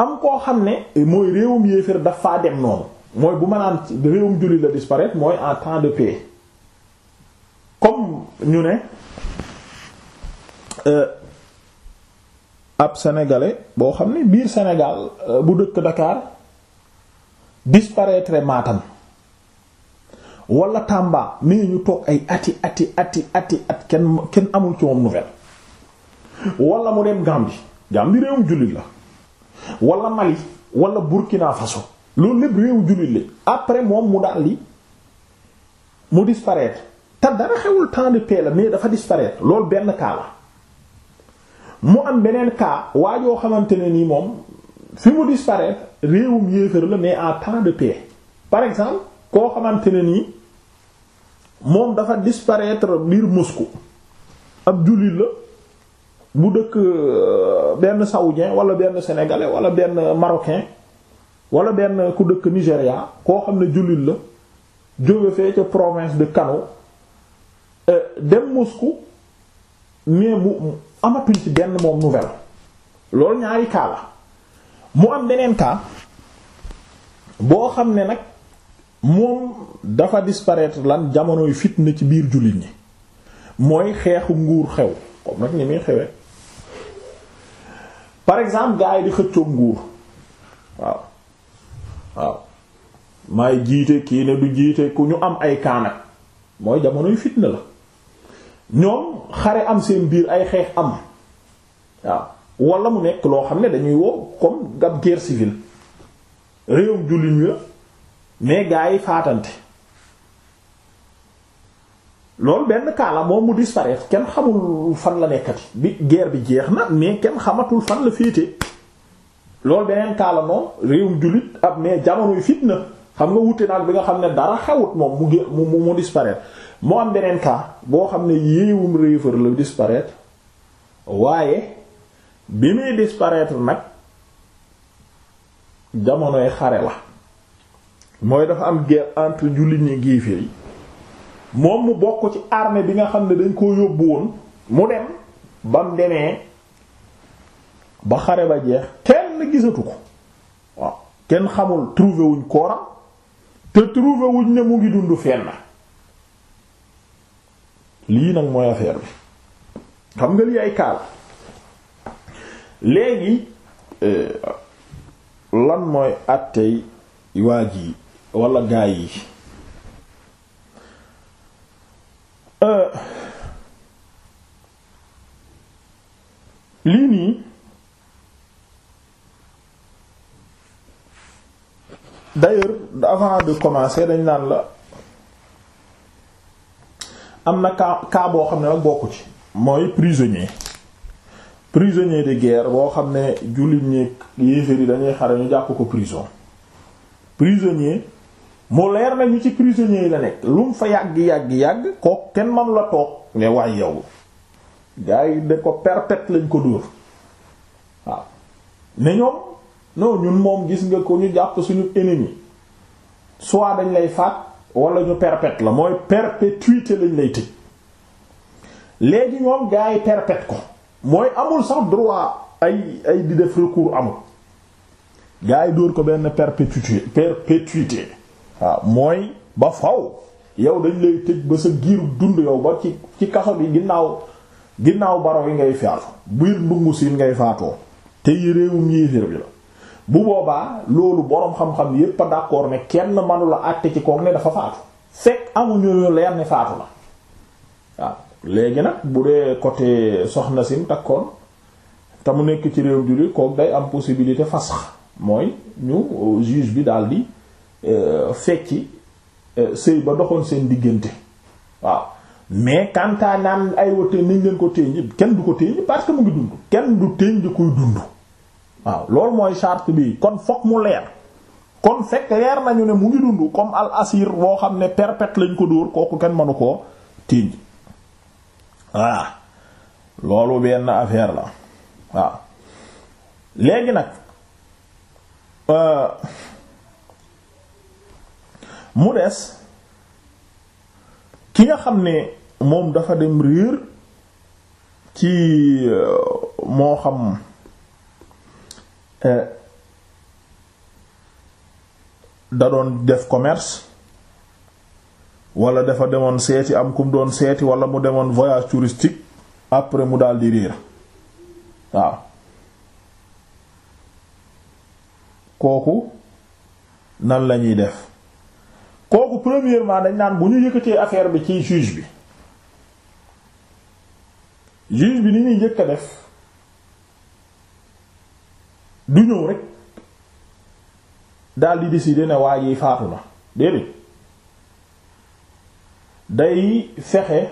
am koo xam ne eh, mooy réewum yéeféer daf dem noonu mooy bu ma naan réewum jullit la disparaître mooy en temps de paix comme ñu ne euh, ab sénégalais boo xam ne biir Sénégal euh, bu dëkk Dakar disparaître Matam wala Tamba mais ñu toog ay ati ati ati ati at kenn kenn amul ci moom nouvelle wala mu dem Gambie Gambie réewum jullit la walla Mali wala Burkina Faso loolu lépp réewu jullit li après moom mu daal li mu disparaître te dara xewul temps de paix la mais dafa disparaître loolu benn kaa la mu am beneen kaa waa joo xamante ne nii moom fi mu disparaître réewum yéefar la mais en temps de paix par exemple koo xamante ne nii moom dafa disparaître biir Moscou ab jullit la. bu dëkk euh, benn saoudien wala benn sénégalais wala benn marocain wala benn ku dëkk Nigéria koo xam ne jullit la jóge fee ca province de Kano euh, dem Moscou mais mu amatuñ ci benn moom nouvelle loolu ñaari cas mu am beneen cas boo xam ne nag moom dafa disparaître lan jamonoy fitna ci biir jullit ñi mooy xeexu nguur xew comme nag ni muy xewee par exemple gaa yi di xëccoo nguur waaw waaw maay jiite kii ne du jiite ku ñu am ay kaanak mooy jamonoy fitna la ñoom xare am seen biir ay xeex am waaw wala mu nekk loo xam ne dañuy woo comme gab guerre civile réewum jullit la mais gaa yi faatante loolu benn kaala moom mu disparaître kenn xamul fan la nekkati bi guerre bi jeex na mais kenn xamatul fan la féete loolu beneen kaala noonu réewum jullit ab mais jamonoy fitna xam nga wuti naag bi nga xam ne dara xewut moom mu gé mu mu disparaître moo am beneen cas boo xam ne yéewum réefar la disparaître waaye bi muy disparaître nag jamonoy xare la mooy dafa am guerre entre jullit ñi géeféer yi moom mu bokk ci arme bi nga xam ne dañ koo yóbbu woon mu dem ba mu demee ba xare ba jeex kenn gisatu ko waaw kenn xamul trouvé wuñ kooram te trouvé wuñ ne mu ngi dund fenn lii nag mooy affaire bi xam nga lii ay kaal léegi euh, lan mooy àttey waa yi walla gaa yi Euh, lii nii d'ailleurs avant de commencer dañ naan la am na cas kaa boo xam ne nag bokku ci mooy prisonnier prisonnier de guerre boo xam ne jullit ñi yéeféer yi dañuy xare ñu jàpp ko prison prisonnier mu leer na ñu ci prisonnier yi la nekk lu mu fa yàgg yàgg yàgg ko kenn manu la toog ne waay yow gars yi de ko perpète lañ ko dóor waaw ne ñoom non ñun moom gis nga ko ñu jàpp suñu ennemi soit dañ lay faat wala ñu perpet la mooy perpétuité lañ lay tëj léegi ñoom gars yi perpète ko mooy amul sax droit ay ay di def recours amul gars yi dóor ko benn perpétuité perpétuité waaw mooy ba faw yow dañ lay tëj ba sa giiru dund yow ba ci ci kaso bi ginnaaw ginnaaw baro yi ngay faatu biir ndungu siin ngay faatoo te réewum yéeféer bi la bu boobaa loolu boroom xam-xam yépp a d'accord ne kenn manula àtte ci kook ne dafa faatu fekk amuñu leer ne faatu la waaw léegi nag bu dee côté soxna sim takkoon te mu nekk ci réew jullit kook day am possibilité fasax mooy ñu juge bi daldi Euh, fecci euh, sëy ba doxoon seen diggante waaw mais kantaa naan ay wate nañ leen ko téeñ kenn du ko téeñ parce que mu ngi dund kenn du téeñ di koy dund waaw loolu mooy chart bi kon fokk mu leer kon fekk leer nañu ne mu ngi dund comme al asir boo xam ne perpète lañ ko dóor kooku kenn mënu koo téeñ waaw loolu benn affaire la waaw léegi nag euh, mu des ki nga xam ne moom dafa dem réer ci euh, moo xam euh, da doon def commerce wala dafa demoon seeti am kum doon seeti wala mu demoon voyage touristique après mu daal di réer waaw kooku nan lañuy def kooku premièrement dañ naan bu ñu yëkkatee affaire bi ci juge bi juge bi ni ñuy njëkk def du ñëw rek daal di décider ne waa ji faatu na déedéet day fexe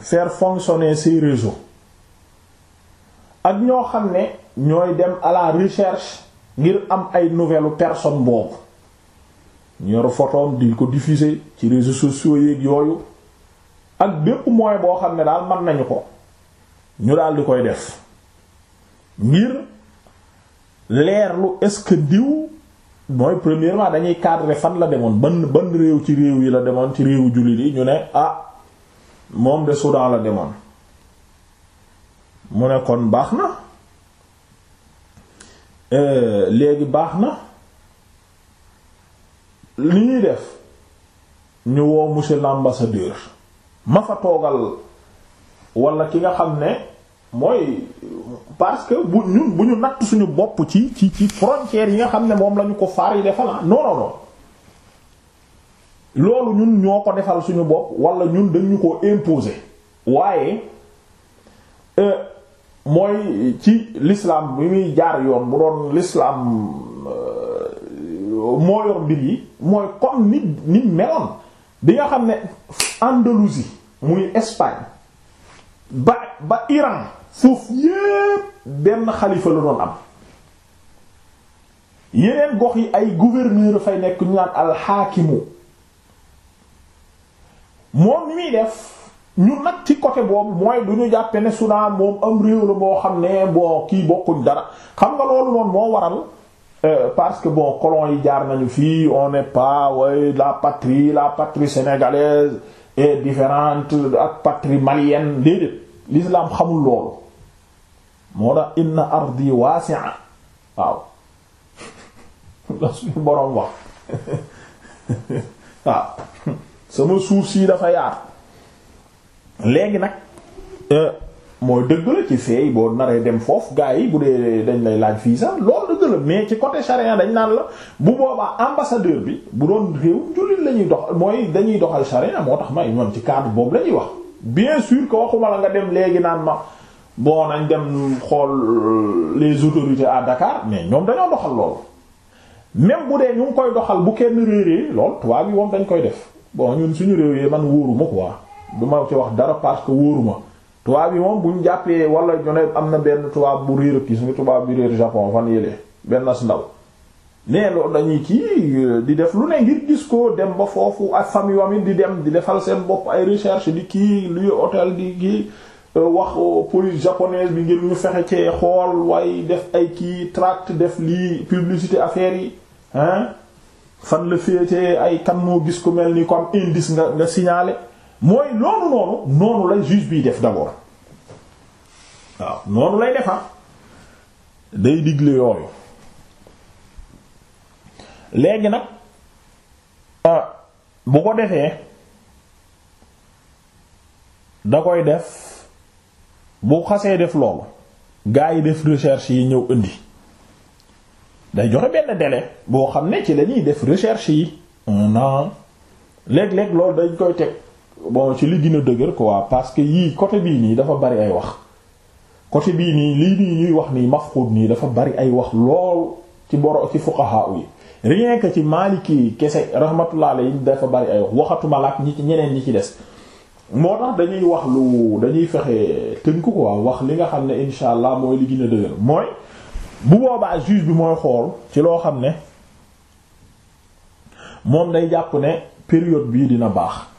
faire fonctionner ses réseaux ak ñoo xam ne ñooy dem à la recherche ngir am ay nouvelles personnes boobu. ñu yor photoom di ko diffuser ci réseaux sociaux yeeg yooyu ak bépp moyen boo xam ne daal mën nañu ko ñu daal di koy def ngir leerlu est-ce que diw mooy premièrement dañuy cadrer fan la demoon ban ban réew ci réew yi la demoon ci réewu jullit yi ñu ne ah moom de Soudan la demoon mu ne kon baax na euh, léegi baax na. li ñuy def ñëwoo woo monsieur l'ambassadeur ma fa toogal walla ki nga xam ne mooy parce que bu ñun bu ñu natt suñu bopp ci ci ci yi nga xam ne moom lañu ñu ko faar yi defal ah. non loolu ñun ñoo ko defal suñu bopp wala ñun dañu ko imposer waaye euh, mooy ci l'islam bi muy jaar yoon bu doon l'islam euh, moo yor mbir yi mooy comme nit nit meloon bi nga xam ne Andalousie muy Espagne ba ba Iran foofu yépp benn xalifa la doon am yeneen gox yi ay gouverneur fay nekk ñu naan alxaakimu moom ni def ñu nag ci côté boobu mooy du ñu jàppe ne Soudan moom am réew la boo xam ne boo kii bokkuñ dara xam nga loolu noonu moo waral Euh, parce que bon colon yi jaar nañu fii on n'est pas way la patrie la patrie sénégalaise est différente ak patrie malienne déedéet l'islam xamul loolu moo tax inna ardi wasi'a waaw waaw sama suuf si dafa yaar léegi nag euh, mooy dëgg la ci feey boo naree dem foofu gars yi bu dee dañ lay laaj visa loolu dëgg la mais ci côté charia dañ naan la bu boobaa ambassadeur bi bu doon réewum jullit la ñuy dox mooy dañuy doxal charia moo tax may ñoom ci cadre boobu la ñuy wax bien sûr que waxuma la dem léegi naan ma bon nañ xool les autorités à Dakar mais ñoom dañoo doxal loolu même bu dee ñu ngi koy doxal bu kenn réeree lool tubaab yi moom dañ koy def bon ñun suñu réew yi man wóoruma quoi du ma ci wax dara parce que wóoruma tubaab yi moom ñu jàppee wala ñu am na benn tubaab bu réer gis nga tubaab bi réer Japon fan yële benn as ndaw mais loolu dañuy kii euh, di def lu ne ngir gis ko dem ba foofu ak famille wamit di dem di defal seen bopp ay recherche di kii luy hôtel di kii euh, wax police japonaise bi ngir ñu fexe cee xool waaye def ay kii trat def lii publicité affaire yi hein fan la féetee ay kan moo gis ku mel ni comme indice nga nga signalé mooy loolu noonu noonu lay juge biy def d'abord waaw noonu lay defar day digle yooyu léegi nag euh, bu ko defee da koy def bu xasee def loolu gaa yi def recherche yi ñëw indi day joxe benn délai boo xam ne ci lañuy def recherche yi un an léeg loolu dañ koy teg bon ci li gën a dëgër quoi parce que yii côté bii nii dafa bari ay wax côté bii nii lii nii ñuy wax nii mafxuud nii dafa bari ay wax lool ci boro ci fuqaha yi rien que ci Maliki kese rahmatullah yi dafa bari ay wax waxatuma la ñi ci ñeneen ñi ci des moo tax dañuy wax lu dañuy fexe tënk quoi wax li nga xam ne insha allah mooy li gën a dëgër mooy bu boobaa juge bi mooy xool ci loo xam ne moom day jàpp ne période bii dina baax.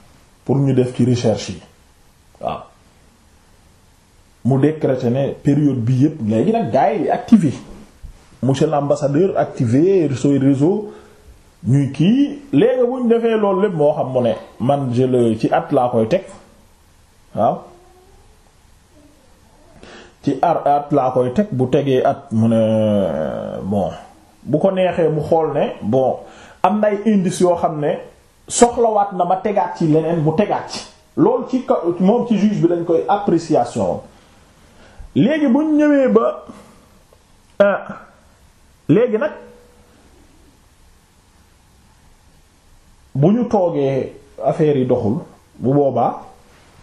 pour ñu def ci recherche yi waaw mu décrété ne période bi yépp léegi nag gars yi activé monsieur l'ambassadeur activé sooy réseau ñuy kii léegi bu ñu defee loolu lépp moo xam mu ne man jël ci at laa koy teg waaw ci ar at laa koy teg bu tegee at mu ne bon bu ko neexee mu xool ne bon am na ay indices yoo xam ne soxlawaat na ma tegaat ci leneen mu tegaat ci loolu ci ka moom ci juge bi lañ koy appréciation léegi buñ ñëwee ba ah, léegi nag bu ñu toogee affaire yi doxul bu boobaa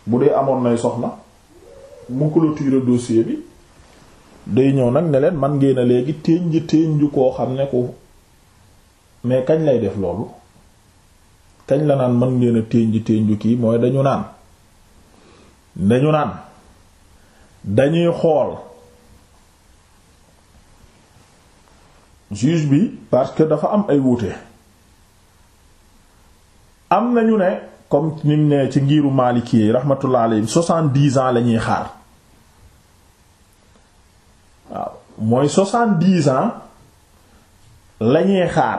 bu dee amoon nay soxna mu clôturer dossier bi day ñëw nag ne leen man ngeen a léegi ténj ténj koo xam ne ko mais kañ lay def loolu kañ la naan mën ngeen a ténju kii mooy dañu naan dañu naan dañuy xool juge bi parce que dafa am ay wuute am nañu ne comme nim ne ci ngiru Maliki yi rahmatullah alayhi soixante-dix ans la ñuy xaar waaw mooy soixante-dix ans lañuy xaar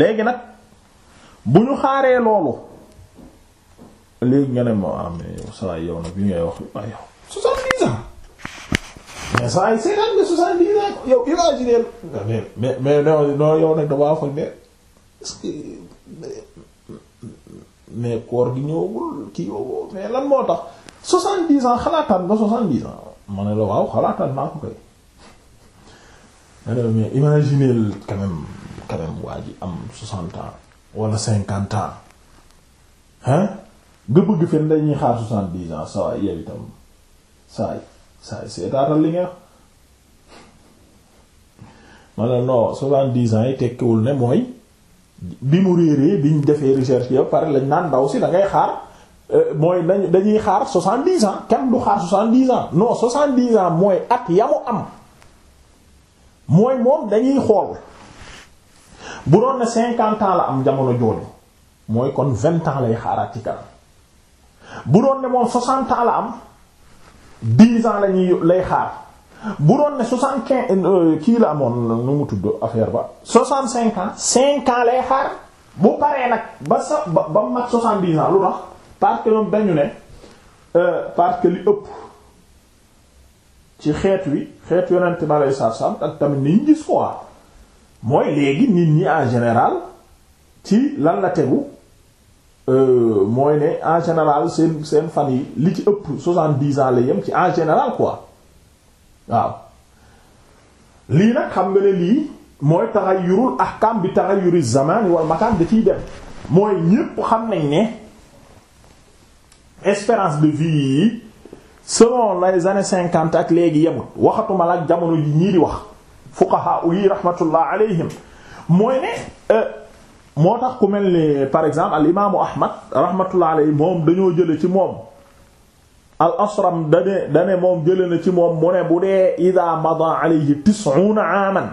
léegi nag bu ñu xaaree loolu léegi nga ne ma amee ah, bi mais saa yi cinquante soixante-dix mais mais gi ñëwul lan moo tax soixante-dix xalaataan ba soixante-dix ans la waaw xalaataan naa ko kay mais imaginer quand même quand même am wala cinquante ans hein nga bëgg fen dañuy xaar soixante-dix ans sawaay yow itam li nga ma ne non soixante-dix ans yi tekkiwul ne mooy bi mu réeree bi ñu defee recherche yow pare lañ naan ndaw si da ngay xaar euh, mooy nañ dañuy xaar soixante-dix ans kenn du xaar soixante-dix ans non soixante-dix ans mooy at yamu am mooy moom dañuy xool bu doon ne cinquante ans la am jamono jooju mooy kon vingt ans lay xaaraat ci kanam bu doon ne moom soixante ans la am dix ans lañuy lay xaar bu doon ne soixante quinze euh, kii la amoon nu mu tudd affaire ba soixante cinquante ans cinq ans lay xaar bu pare nag ba sa ba ba mat soixante dix ans lu tax parce que dañu ne euh, parce li ëpp ci xeet wi xeet yonent bi alayhi salaam ak tamit ni ñu gis mooy léegi nit ñi en général ci lan la tegu euh, mooy ne en général seen seen fan yi li ci ëpp soixante-dix ans la yem ci en général quoi waaw lii nag xam nga ne lii mooy taxayurul ahkam bi taxayuri zaman wal makan da ciy dem mooy ñépp xam nañ ne espérance de vie yi selon les années cinquante ak léegi yemul waxatuma la ak jamono ji ñii di wax fuqaha yi rahmatullah alayhim mooy ne euh, moo tax ku mel ni par exemple al imaamu ahmad rahmatullah alayhi moom dañoo jële ci moom al asram dane dane moom jële na ci moom mu ne bu dee ida mada alayhi tis'una aaman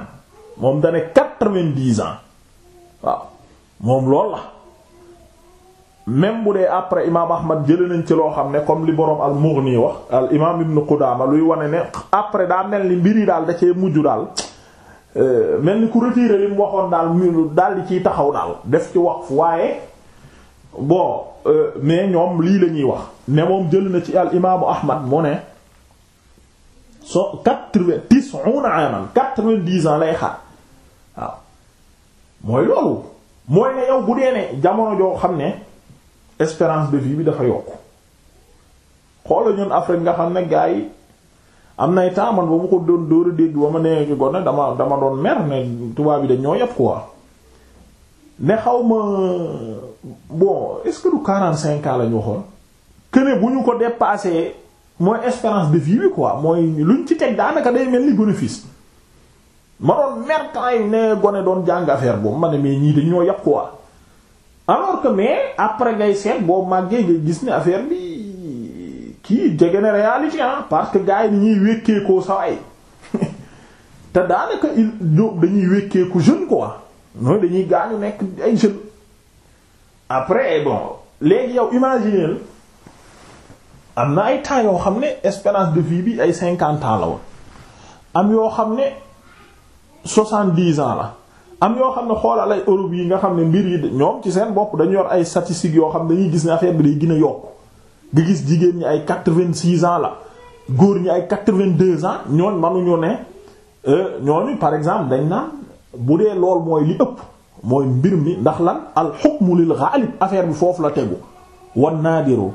moom dane quatre-vingt-dix ans waaw moom loolu la même bu dee après imaam ahmad jële nañ ci loo xam ne comme li boroom al mughni wax al imaam ibn qudaama luy wone ne après daa mel ni mbir yi daal da cee mujj daal Euh, mel ni ku retiré li waxoon daal mu daal di ciy taxaw daal def ci wax waqf waaye bon euh, mais ñoom lii la ñuy wax ne moom jël na ci al imaamu Ahmad mu ne so quatre-vingts tis'una aman quatre-vingt-dix ans lay xaar waaw mooy loolu mooy ne yow bu dee ne jamono joo xam ne espérance de vie bi dafa yokk xoola ñun Afrique nga xam ne gaa yi am nay temps man ba mu ko doon dóor a dégg ba ma nee ci gone dama dama doon mer ne tubaab yi dañ ñoo yàpp quoi ne xaw ma bon est-ce que du ñu waxoon que bu ñu ko dépassé mooy espérance de vie bi quoi mooy luñ ci teg daanaka day mel ni bénéfice ma doon mer temps yi ne gone doon jàng affaire boobu ma ne mais ñii dañ ñoo yàpp quoi alors que mais après ngay seet boo màggee nga gis ne affaire bi. kii jege na réalité ah parce que gars yi ñuy wékkeekoo saway te daanaka il do dañuy wékkeeku jeune quoi mooy dañuy gaañu nekk ay jeune après bon léegi yow imaginer am na ay temps yoo xam ne espérance de vie bi ay cinquante ans am yoo xam ne soixante-dix ans la am yoo xam ne xoolaal ay Europe yi nga xam ne mbir yi ñoom ci seen bopp dañu yor ay statistiques yoo xam ne dañuy gis ne affaire bi day gën a yokk nga gis jigéen ñi ay quatre-vingt-six ans la góor ñi ay quatre-vingt-deux ans ñooñ manuñu ne euh, ñooñu par exemple dañ naan bu dee lool mooy li ëpp mooy mbir mi ndax lan al lil ghalib affaire bi foofu la tegu wan naadiru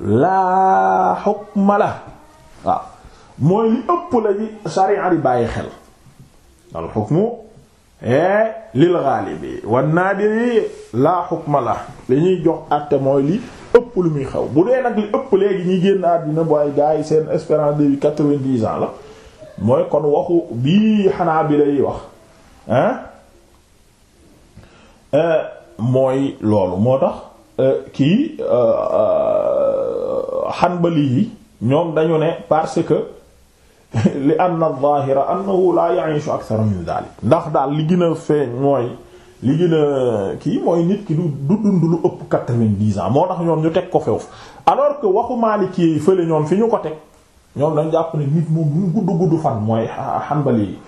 laa hukma la mooy li ëpp la ci sariya di bàyyi xel al hukmu eh, lil ghalib wan naadiri laa hukma la li ñuy jox àtte mooy li ëpp lu muy xaw bu dee nag li ëpp léegi ñuy génn àddina waaye gaa yi seen espérance de vie quatre-vingt-dix ans la mooy kon waxu bii xanaa bi lay wax hein euh, mooy loolu moo tax euh, kii xanbali euh, yi ñoom dañu ne parce que li anna adh-dhahira annahu la ya'ishu akthar min dhalik ndax daal li gën a feeñ mooy li gën a kii mooy nit ki du du dund lu ëpp quatre-vingt-dix moo tax ñoom ñu teg ko feew alors que waxu Maliki yi fële ñoom fi ñu ko teg ñoom dañ jàpp ne nit moom lu gudd fan mooy Hanbali yi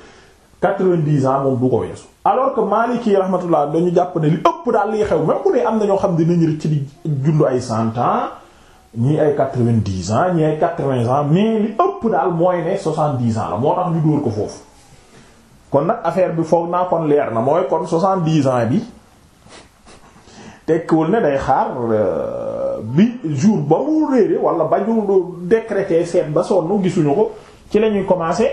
quatre-vingt-dix ans moom du ko weesu. alors que Maliki yi rahmatullah dañu jàpp ne li ëpp daal lii xew même bu dee am na ñoo xam ne dinañ rëcc di dund ay cent ñii ay quatre-vingt-dix ñii ay quatre-vingts ans mais li ëpp daal mooy ne soixante-dix la moo tax ñu ko foofu. kon nag affaire bi foog naa kon leer na mooy kon soixante-dix ans bi tekkiwul ne day xaar euh, bi jour ba mu réere wala ba ñu décréter seet ba sonn gisuñu ko ci la ñuy commencer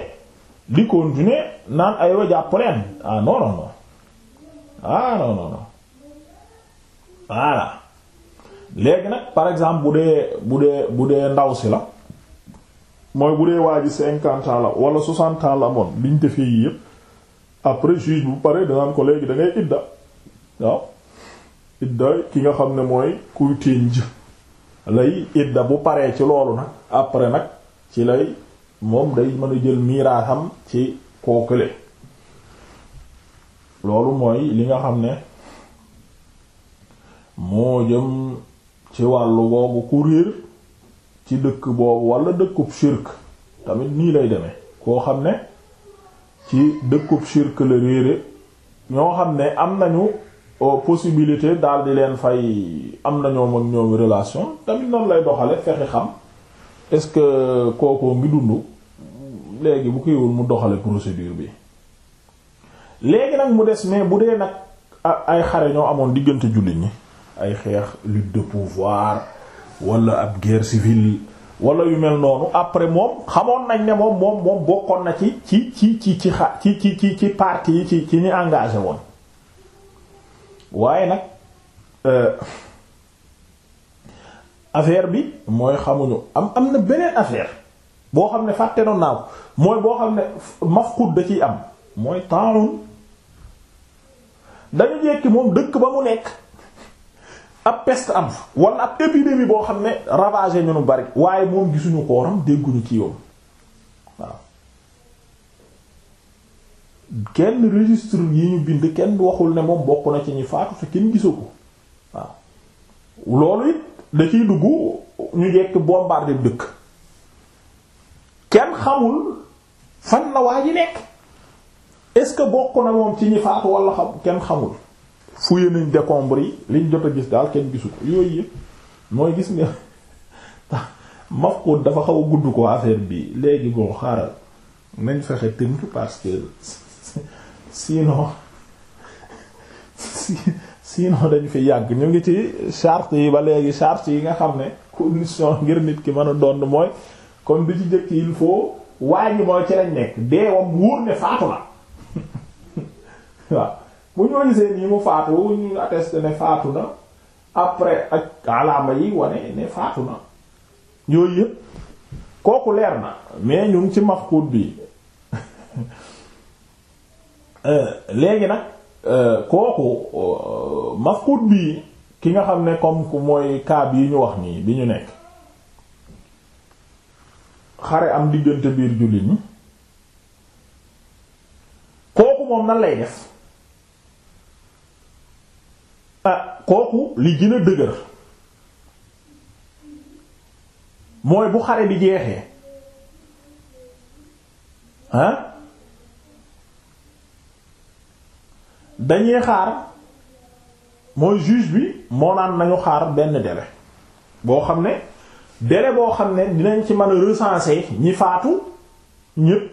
di continuer naan aywa jàpp leen ah non ah non non non voilà léegi nag par exemple bu dee bu dee bu dee ndaw si la mooy bu dee waa ji cinquante ans la wala soixante ans la amoon liñ defee yii yépp après juge bu pare danaan ko léegi dangay ngay idda waaw idda ki nga xam ne mooy kuy ténj lay idda bu paree ci loolu nag après nag ci lay moom day mën a jël miraasam ci kookale loolu mooy li nga xam ne moo jëm ci wàllu boobu ku réer ci dëkk boobu wala dëkku shirk tamit nii lay deme koo xam ne ci dëkku shirk la réere ñoo xam ne am nañu euh, possibilité daal di leen fay am na ñoom ak relation tamit noonu lay doxale fexe xam est-ce que kookoo ngi dund léegi bu kiiwul mu doxale procédure bi léegi nag mu des mais bu dee nag ay xare ñoo amoon diggante jullit ñi ay xeex lutte de pouvoir wala ab guerre civile wala yu mel noonu après moom xamoon nañ ne moom moom bokkoon na ci ci ci ci ci xa ci ci ci ci parti yi ci ci ñi engagé woon waaye nag euh, affaire bi mooy xamuñu am am na beneen affaire boo xam ne fàtte noon naa mooy boo xam ne mafqud da ciy am mooy taawun dañu jekki moom dëkk ba mu nekk ab peste am fa wala ab épidémie boo xam ne ravagé ñu nu bari waaye moom gisuñu ko waram dégguñu ci yoon waaw kenn registre yi ñu bind kenn waxul ne moom bokk na ci ñi faatu te kenn gisu ko waaw loolu it da ciy dugg ñu jekk bombardé dëkk kenn xamul fan la waa ji nekk est-ce que bokk na moom ci ñi faatu wala xam kenn xamul fuye nañ décombres yi liñ jot a gis daal kenn gisu ko yooyu mooy gis nga mafqud dafa xaw a gudd ko affaire bi léegi boo xaaral nañ fexe tënk parce que sinon sinon dañ fi yàgg ñu ngi ci charte yi ba léegi charte yi nga xam ne condition ngir nit ki mën a doon mooy comme bi ci jëkk il faut waa ji mooy ci lañ nekk deewam wóor ne faatu la waaw bu ñu gisee nii mu faatu ñu attesté ne faatu na après ak alaama yi wane ne faatu na yooyu yëpp kooku leer na mais ñun ci mafkuut bi euh, léegi nag euh, kooku euh, mafkuut bi ki nga xam ne comme ku mooy kaab yi ñu wax nii bi ñu nekk xare am diggante biir jullit ñi kooku moom nan lay def Ah, kooku li gën a dëgër mooy bu xare bi jeexee ah dañuy xaar mooy juge bi moo naan nañu xaar benn délai boo xam ne délai boo xam ne dinañ ci mën a recenser ñi faatu ñépp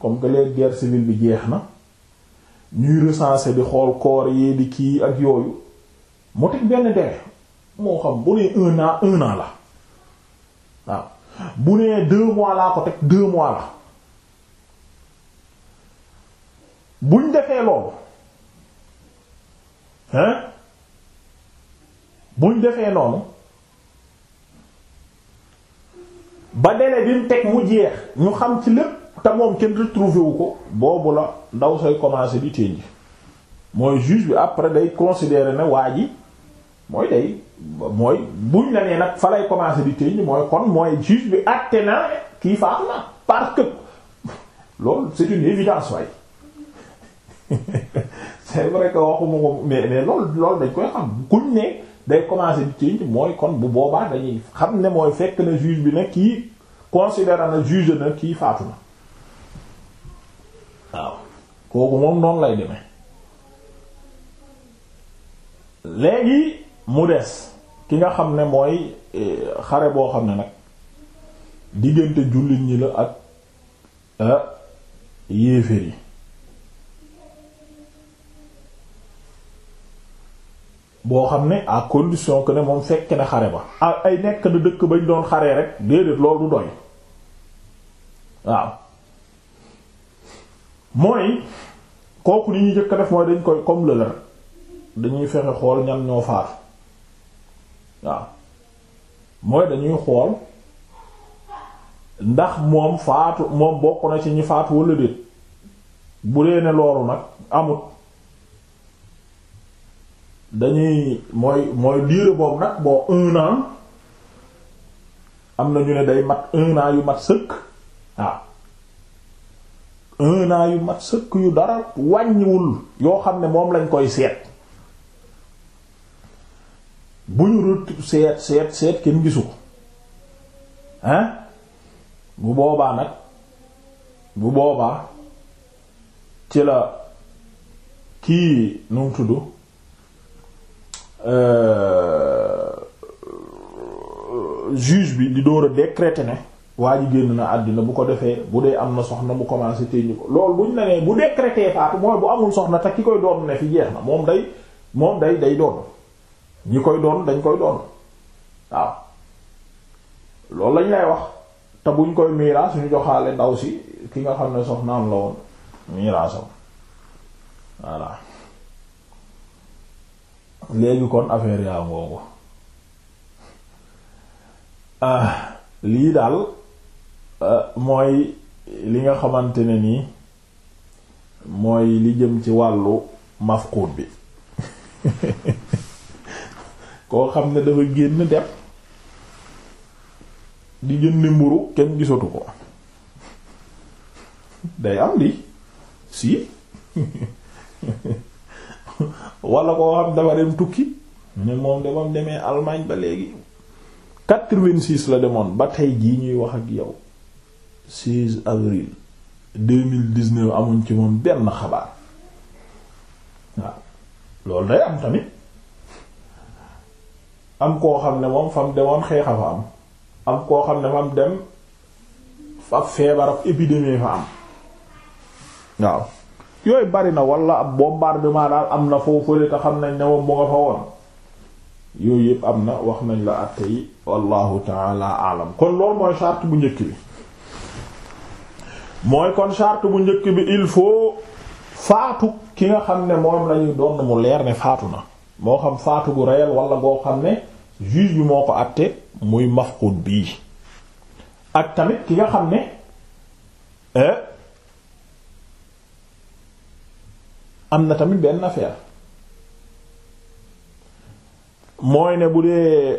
comme que les guerres bi jeex na ñuy recenser di xool koor yee di kii ak yooyu mu teg benn délai moo xam bu nee un an la waaw bu nee deux ko teg deux buñ defee loolu hein buñ defee noonu ba délai bi mu teg mu jeex ñu xam ci lépp te moom kenn retrouvé wu ko boobu la ndaw say commencé di tënj mooy juge bi après day considérer ne waa ji mooy day mooy buñ la nee nag fa lay commencé di tënj mooy kon mooy juge bi àtte na kii faatu na que loolu c'est une évidence waaye vrai que waxuma ko mais mais loolu loolu dañ koy xam kuñ day commencé di mooy kon bu boobaa dañuy xam ne mooy fekk na juge bi nag kii considéré na juge na kii faatu na. waaw kooku moom noonu lay demee léegi mu des ki nga xam ne mooy eh, xare boo xam ne nag diggante jullit ñi la ak ah yéeféer yi boo xam ne à condition ko ne moom fekk na xare ba ay nekk na dëkk bañ doon xare rek déedéet loolu du doy waaw mooy kooku li ñuy jëkk a def mooy dañ koy comme lëlër dañuy fexe xool ñan ñoo faatu waaw mooy dañuy xool ndax moom faatu moom bokk na ci ñi faatu walla bu dee ne loolu nag amut dañuy mooy mooy diire boobu nag bon un am na ñu ne day mat un yu mat sëkk waaw un yu mat sëkk yu dara wàññiwul yoo xam ne moom lañ koy seet bu ñu rut seet seet seet kenn gisu ko hein bu boobaa nag bu boobaa ci la kii nu mu tudd euh, juge bi di door a décréter ne waa ji génn na àddina bu ko defee bu dee am na soxna mu commencé téññi ko loolu buñ la nee bu décrété faatu mooy bu amul soxna te ki koy doon ne fi jeex na moom day moom day day doon ñi koy doon dañ koy doon waaw loolu lañ lay wax te buñ koy miiraas ñu joxaale ndaw si ki nga xam ne soxnaam la woon miiraasam voilà léegi kon affaire yaa ngoogu ah lii daal Euh, mooy li nga xamante ne nii mooy li jëm ci wàllu mafquud bi koo xam ne dafa génn dem di jëndi mburu kenn gisatu ko day am di si wala koo xam dafa dem tukki ne moom de demee Allemagne ba léegi quatre-vingt-six la demoon ba tey jii ñuy wax ak yow 16 avril 2019 amuñ ci moom benn xabaat waaw loolu day am tamit am koo xam ne moom fam demoon xeexa fa am am koo xam ne fam dem fa feebar ab épidémie fa am waaw yooyu bari na wala ab bombardement daal am na foofu te xam nañ ne moom bu nga fa woon yooyu yépp am na wax nañ la àtte yi wallahu taala alam kon loolu mooy charte bu njëkk bi mooy kon charte bu njëkk bi il faut faatu ki nga xam ne moom lañuy doon mu leer ne faatu na moo xam faatu gu réel wala boo xam ne juge bi moo ko àtte muy mafqud bii ak tamit ki nga xam ne eh, am na tamit benn affaire mooy ne bu dee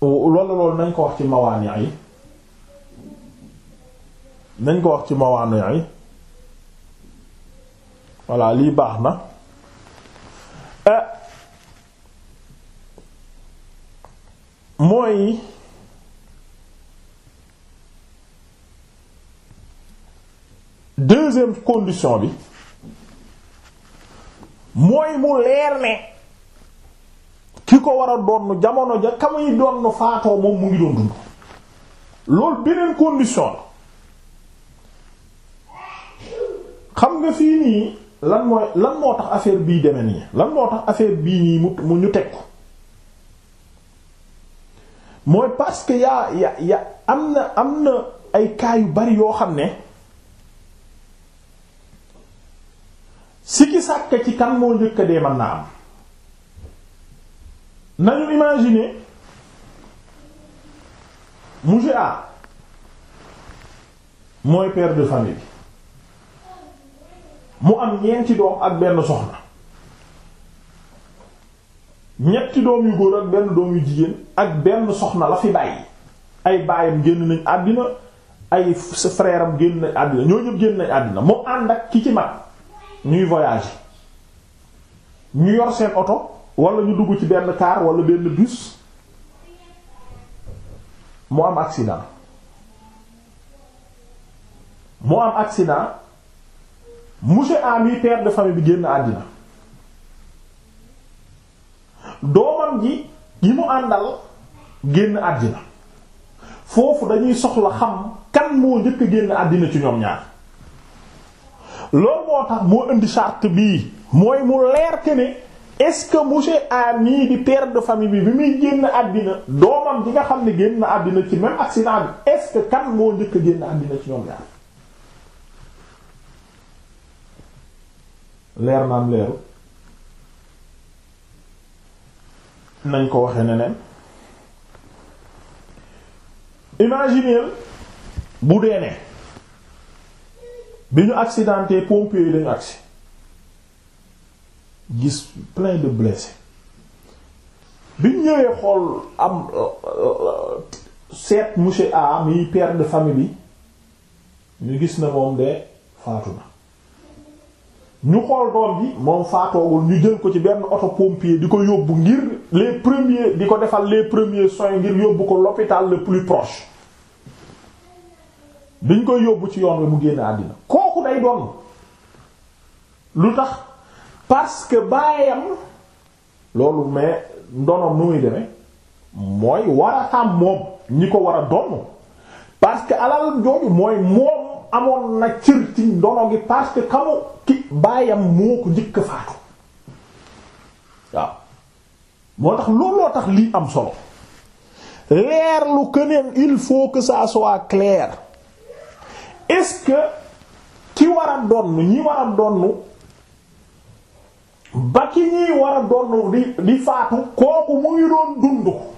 loolu loolu nañ ko wax ci mawaani yi nañ ko wax ci mawaanu yi voilà lii baax na euh, mooy deuxième condition bi mooy mu leer ne ki ko war a donn jamono ja ka muy donn faatoo moom mu ngi doon dund loolu beneen condition la xam nga fii nii lan mooy lan moo tax affaire bii deme nii lan moo tax affaire bii nii mu mu ñu teg ko mooy parce que yaa ya ya am na am na ay cas yu bari yoo xam ne sikki sàkk ci kan moo njëkk dee mën na am nañu imaginer monsieur A mooy père de famille mu am ñeenti doom ak benn soxna ñetti doom yu góor ak benn doom yu jigéen ak benn soxna la fi bàyyi ay baayam génn nañ àddina ay sa génn nañ àddina ñoo ñëpp génn nañ àddina mu ànd ak ki ci mag ñuy voyage ñu yor seen oto walla ñu dugg ci benn car walla benn bis mu am accident mu am accident monsieur ami père de famille bi génn àddina doomam ji yi mu àndal génn àddina foofu dañuy soxla xam kan moo njëkk génn àddina ci ñoom ñaar loolu moo tax moo indi charte bii mooy mu leer que ne est-ce que monsieur ami di per de famille bi bi muy génn àddina doomam ji nga xam ne génn àddina ci même accident bi est-ce que kan moo njëkk génn àddina ci ñoom ñaar leer naam leeru nañ ko waxee neneen imagineel bu dee ne bi ñu accidenté pompiers yi dañu agsi gis plein de blessés bi ñu ñëwee xool am euh, euh, seet monsieur A mi père de famille bi ñu gis na moom de faatu na ñu xool doom bi moom faatoogul ñu jël ko ci benn oto pompier di ko yóbbu ngir les premiers di ko defal les premier soins ngir yóbbu ko l'hôpital le plus proche dañ koy yóbbu ci yoon wi mu génn àddina kooku day doon lu tax parce que loolu mais ndonom nu muy demee mooy war a xam moom ñi ko war a doon parce que alal jooju mooy moom amoon na cër ci ndono gi parce que kamu ki baayam moo ko njëkk faatu waaw moo tax looloo tax lii am solo leer lu keneen il faut que ça soit clair est que ki war a ñi war a ba ki ñi war a di di faatu kooku mu ngi doon dund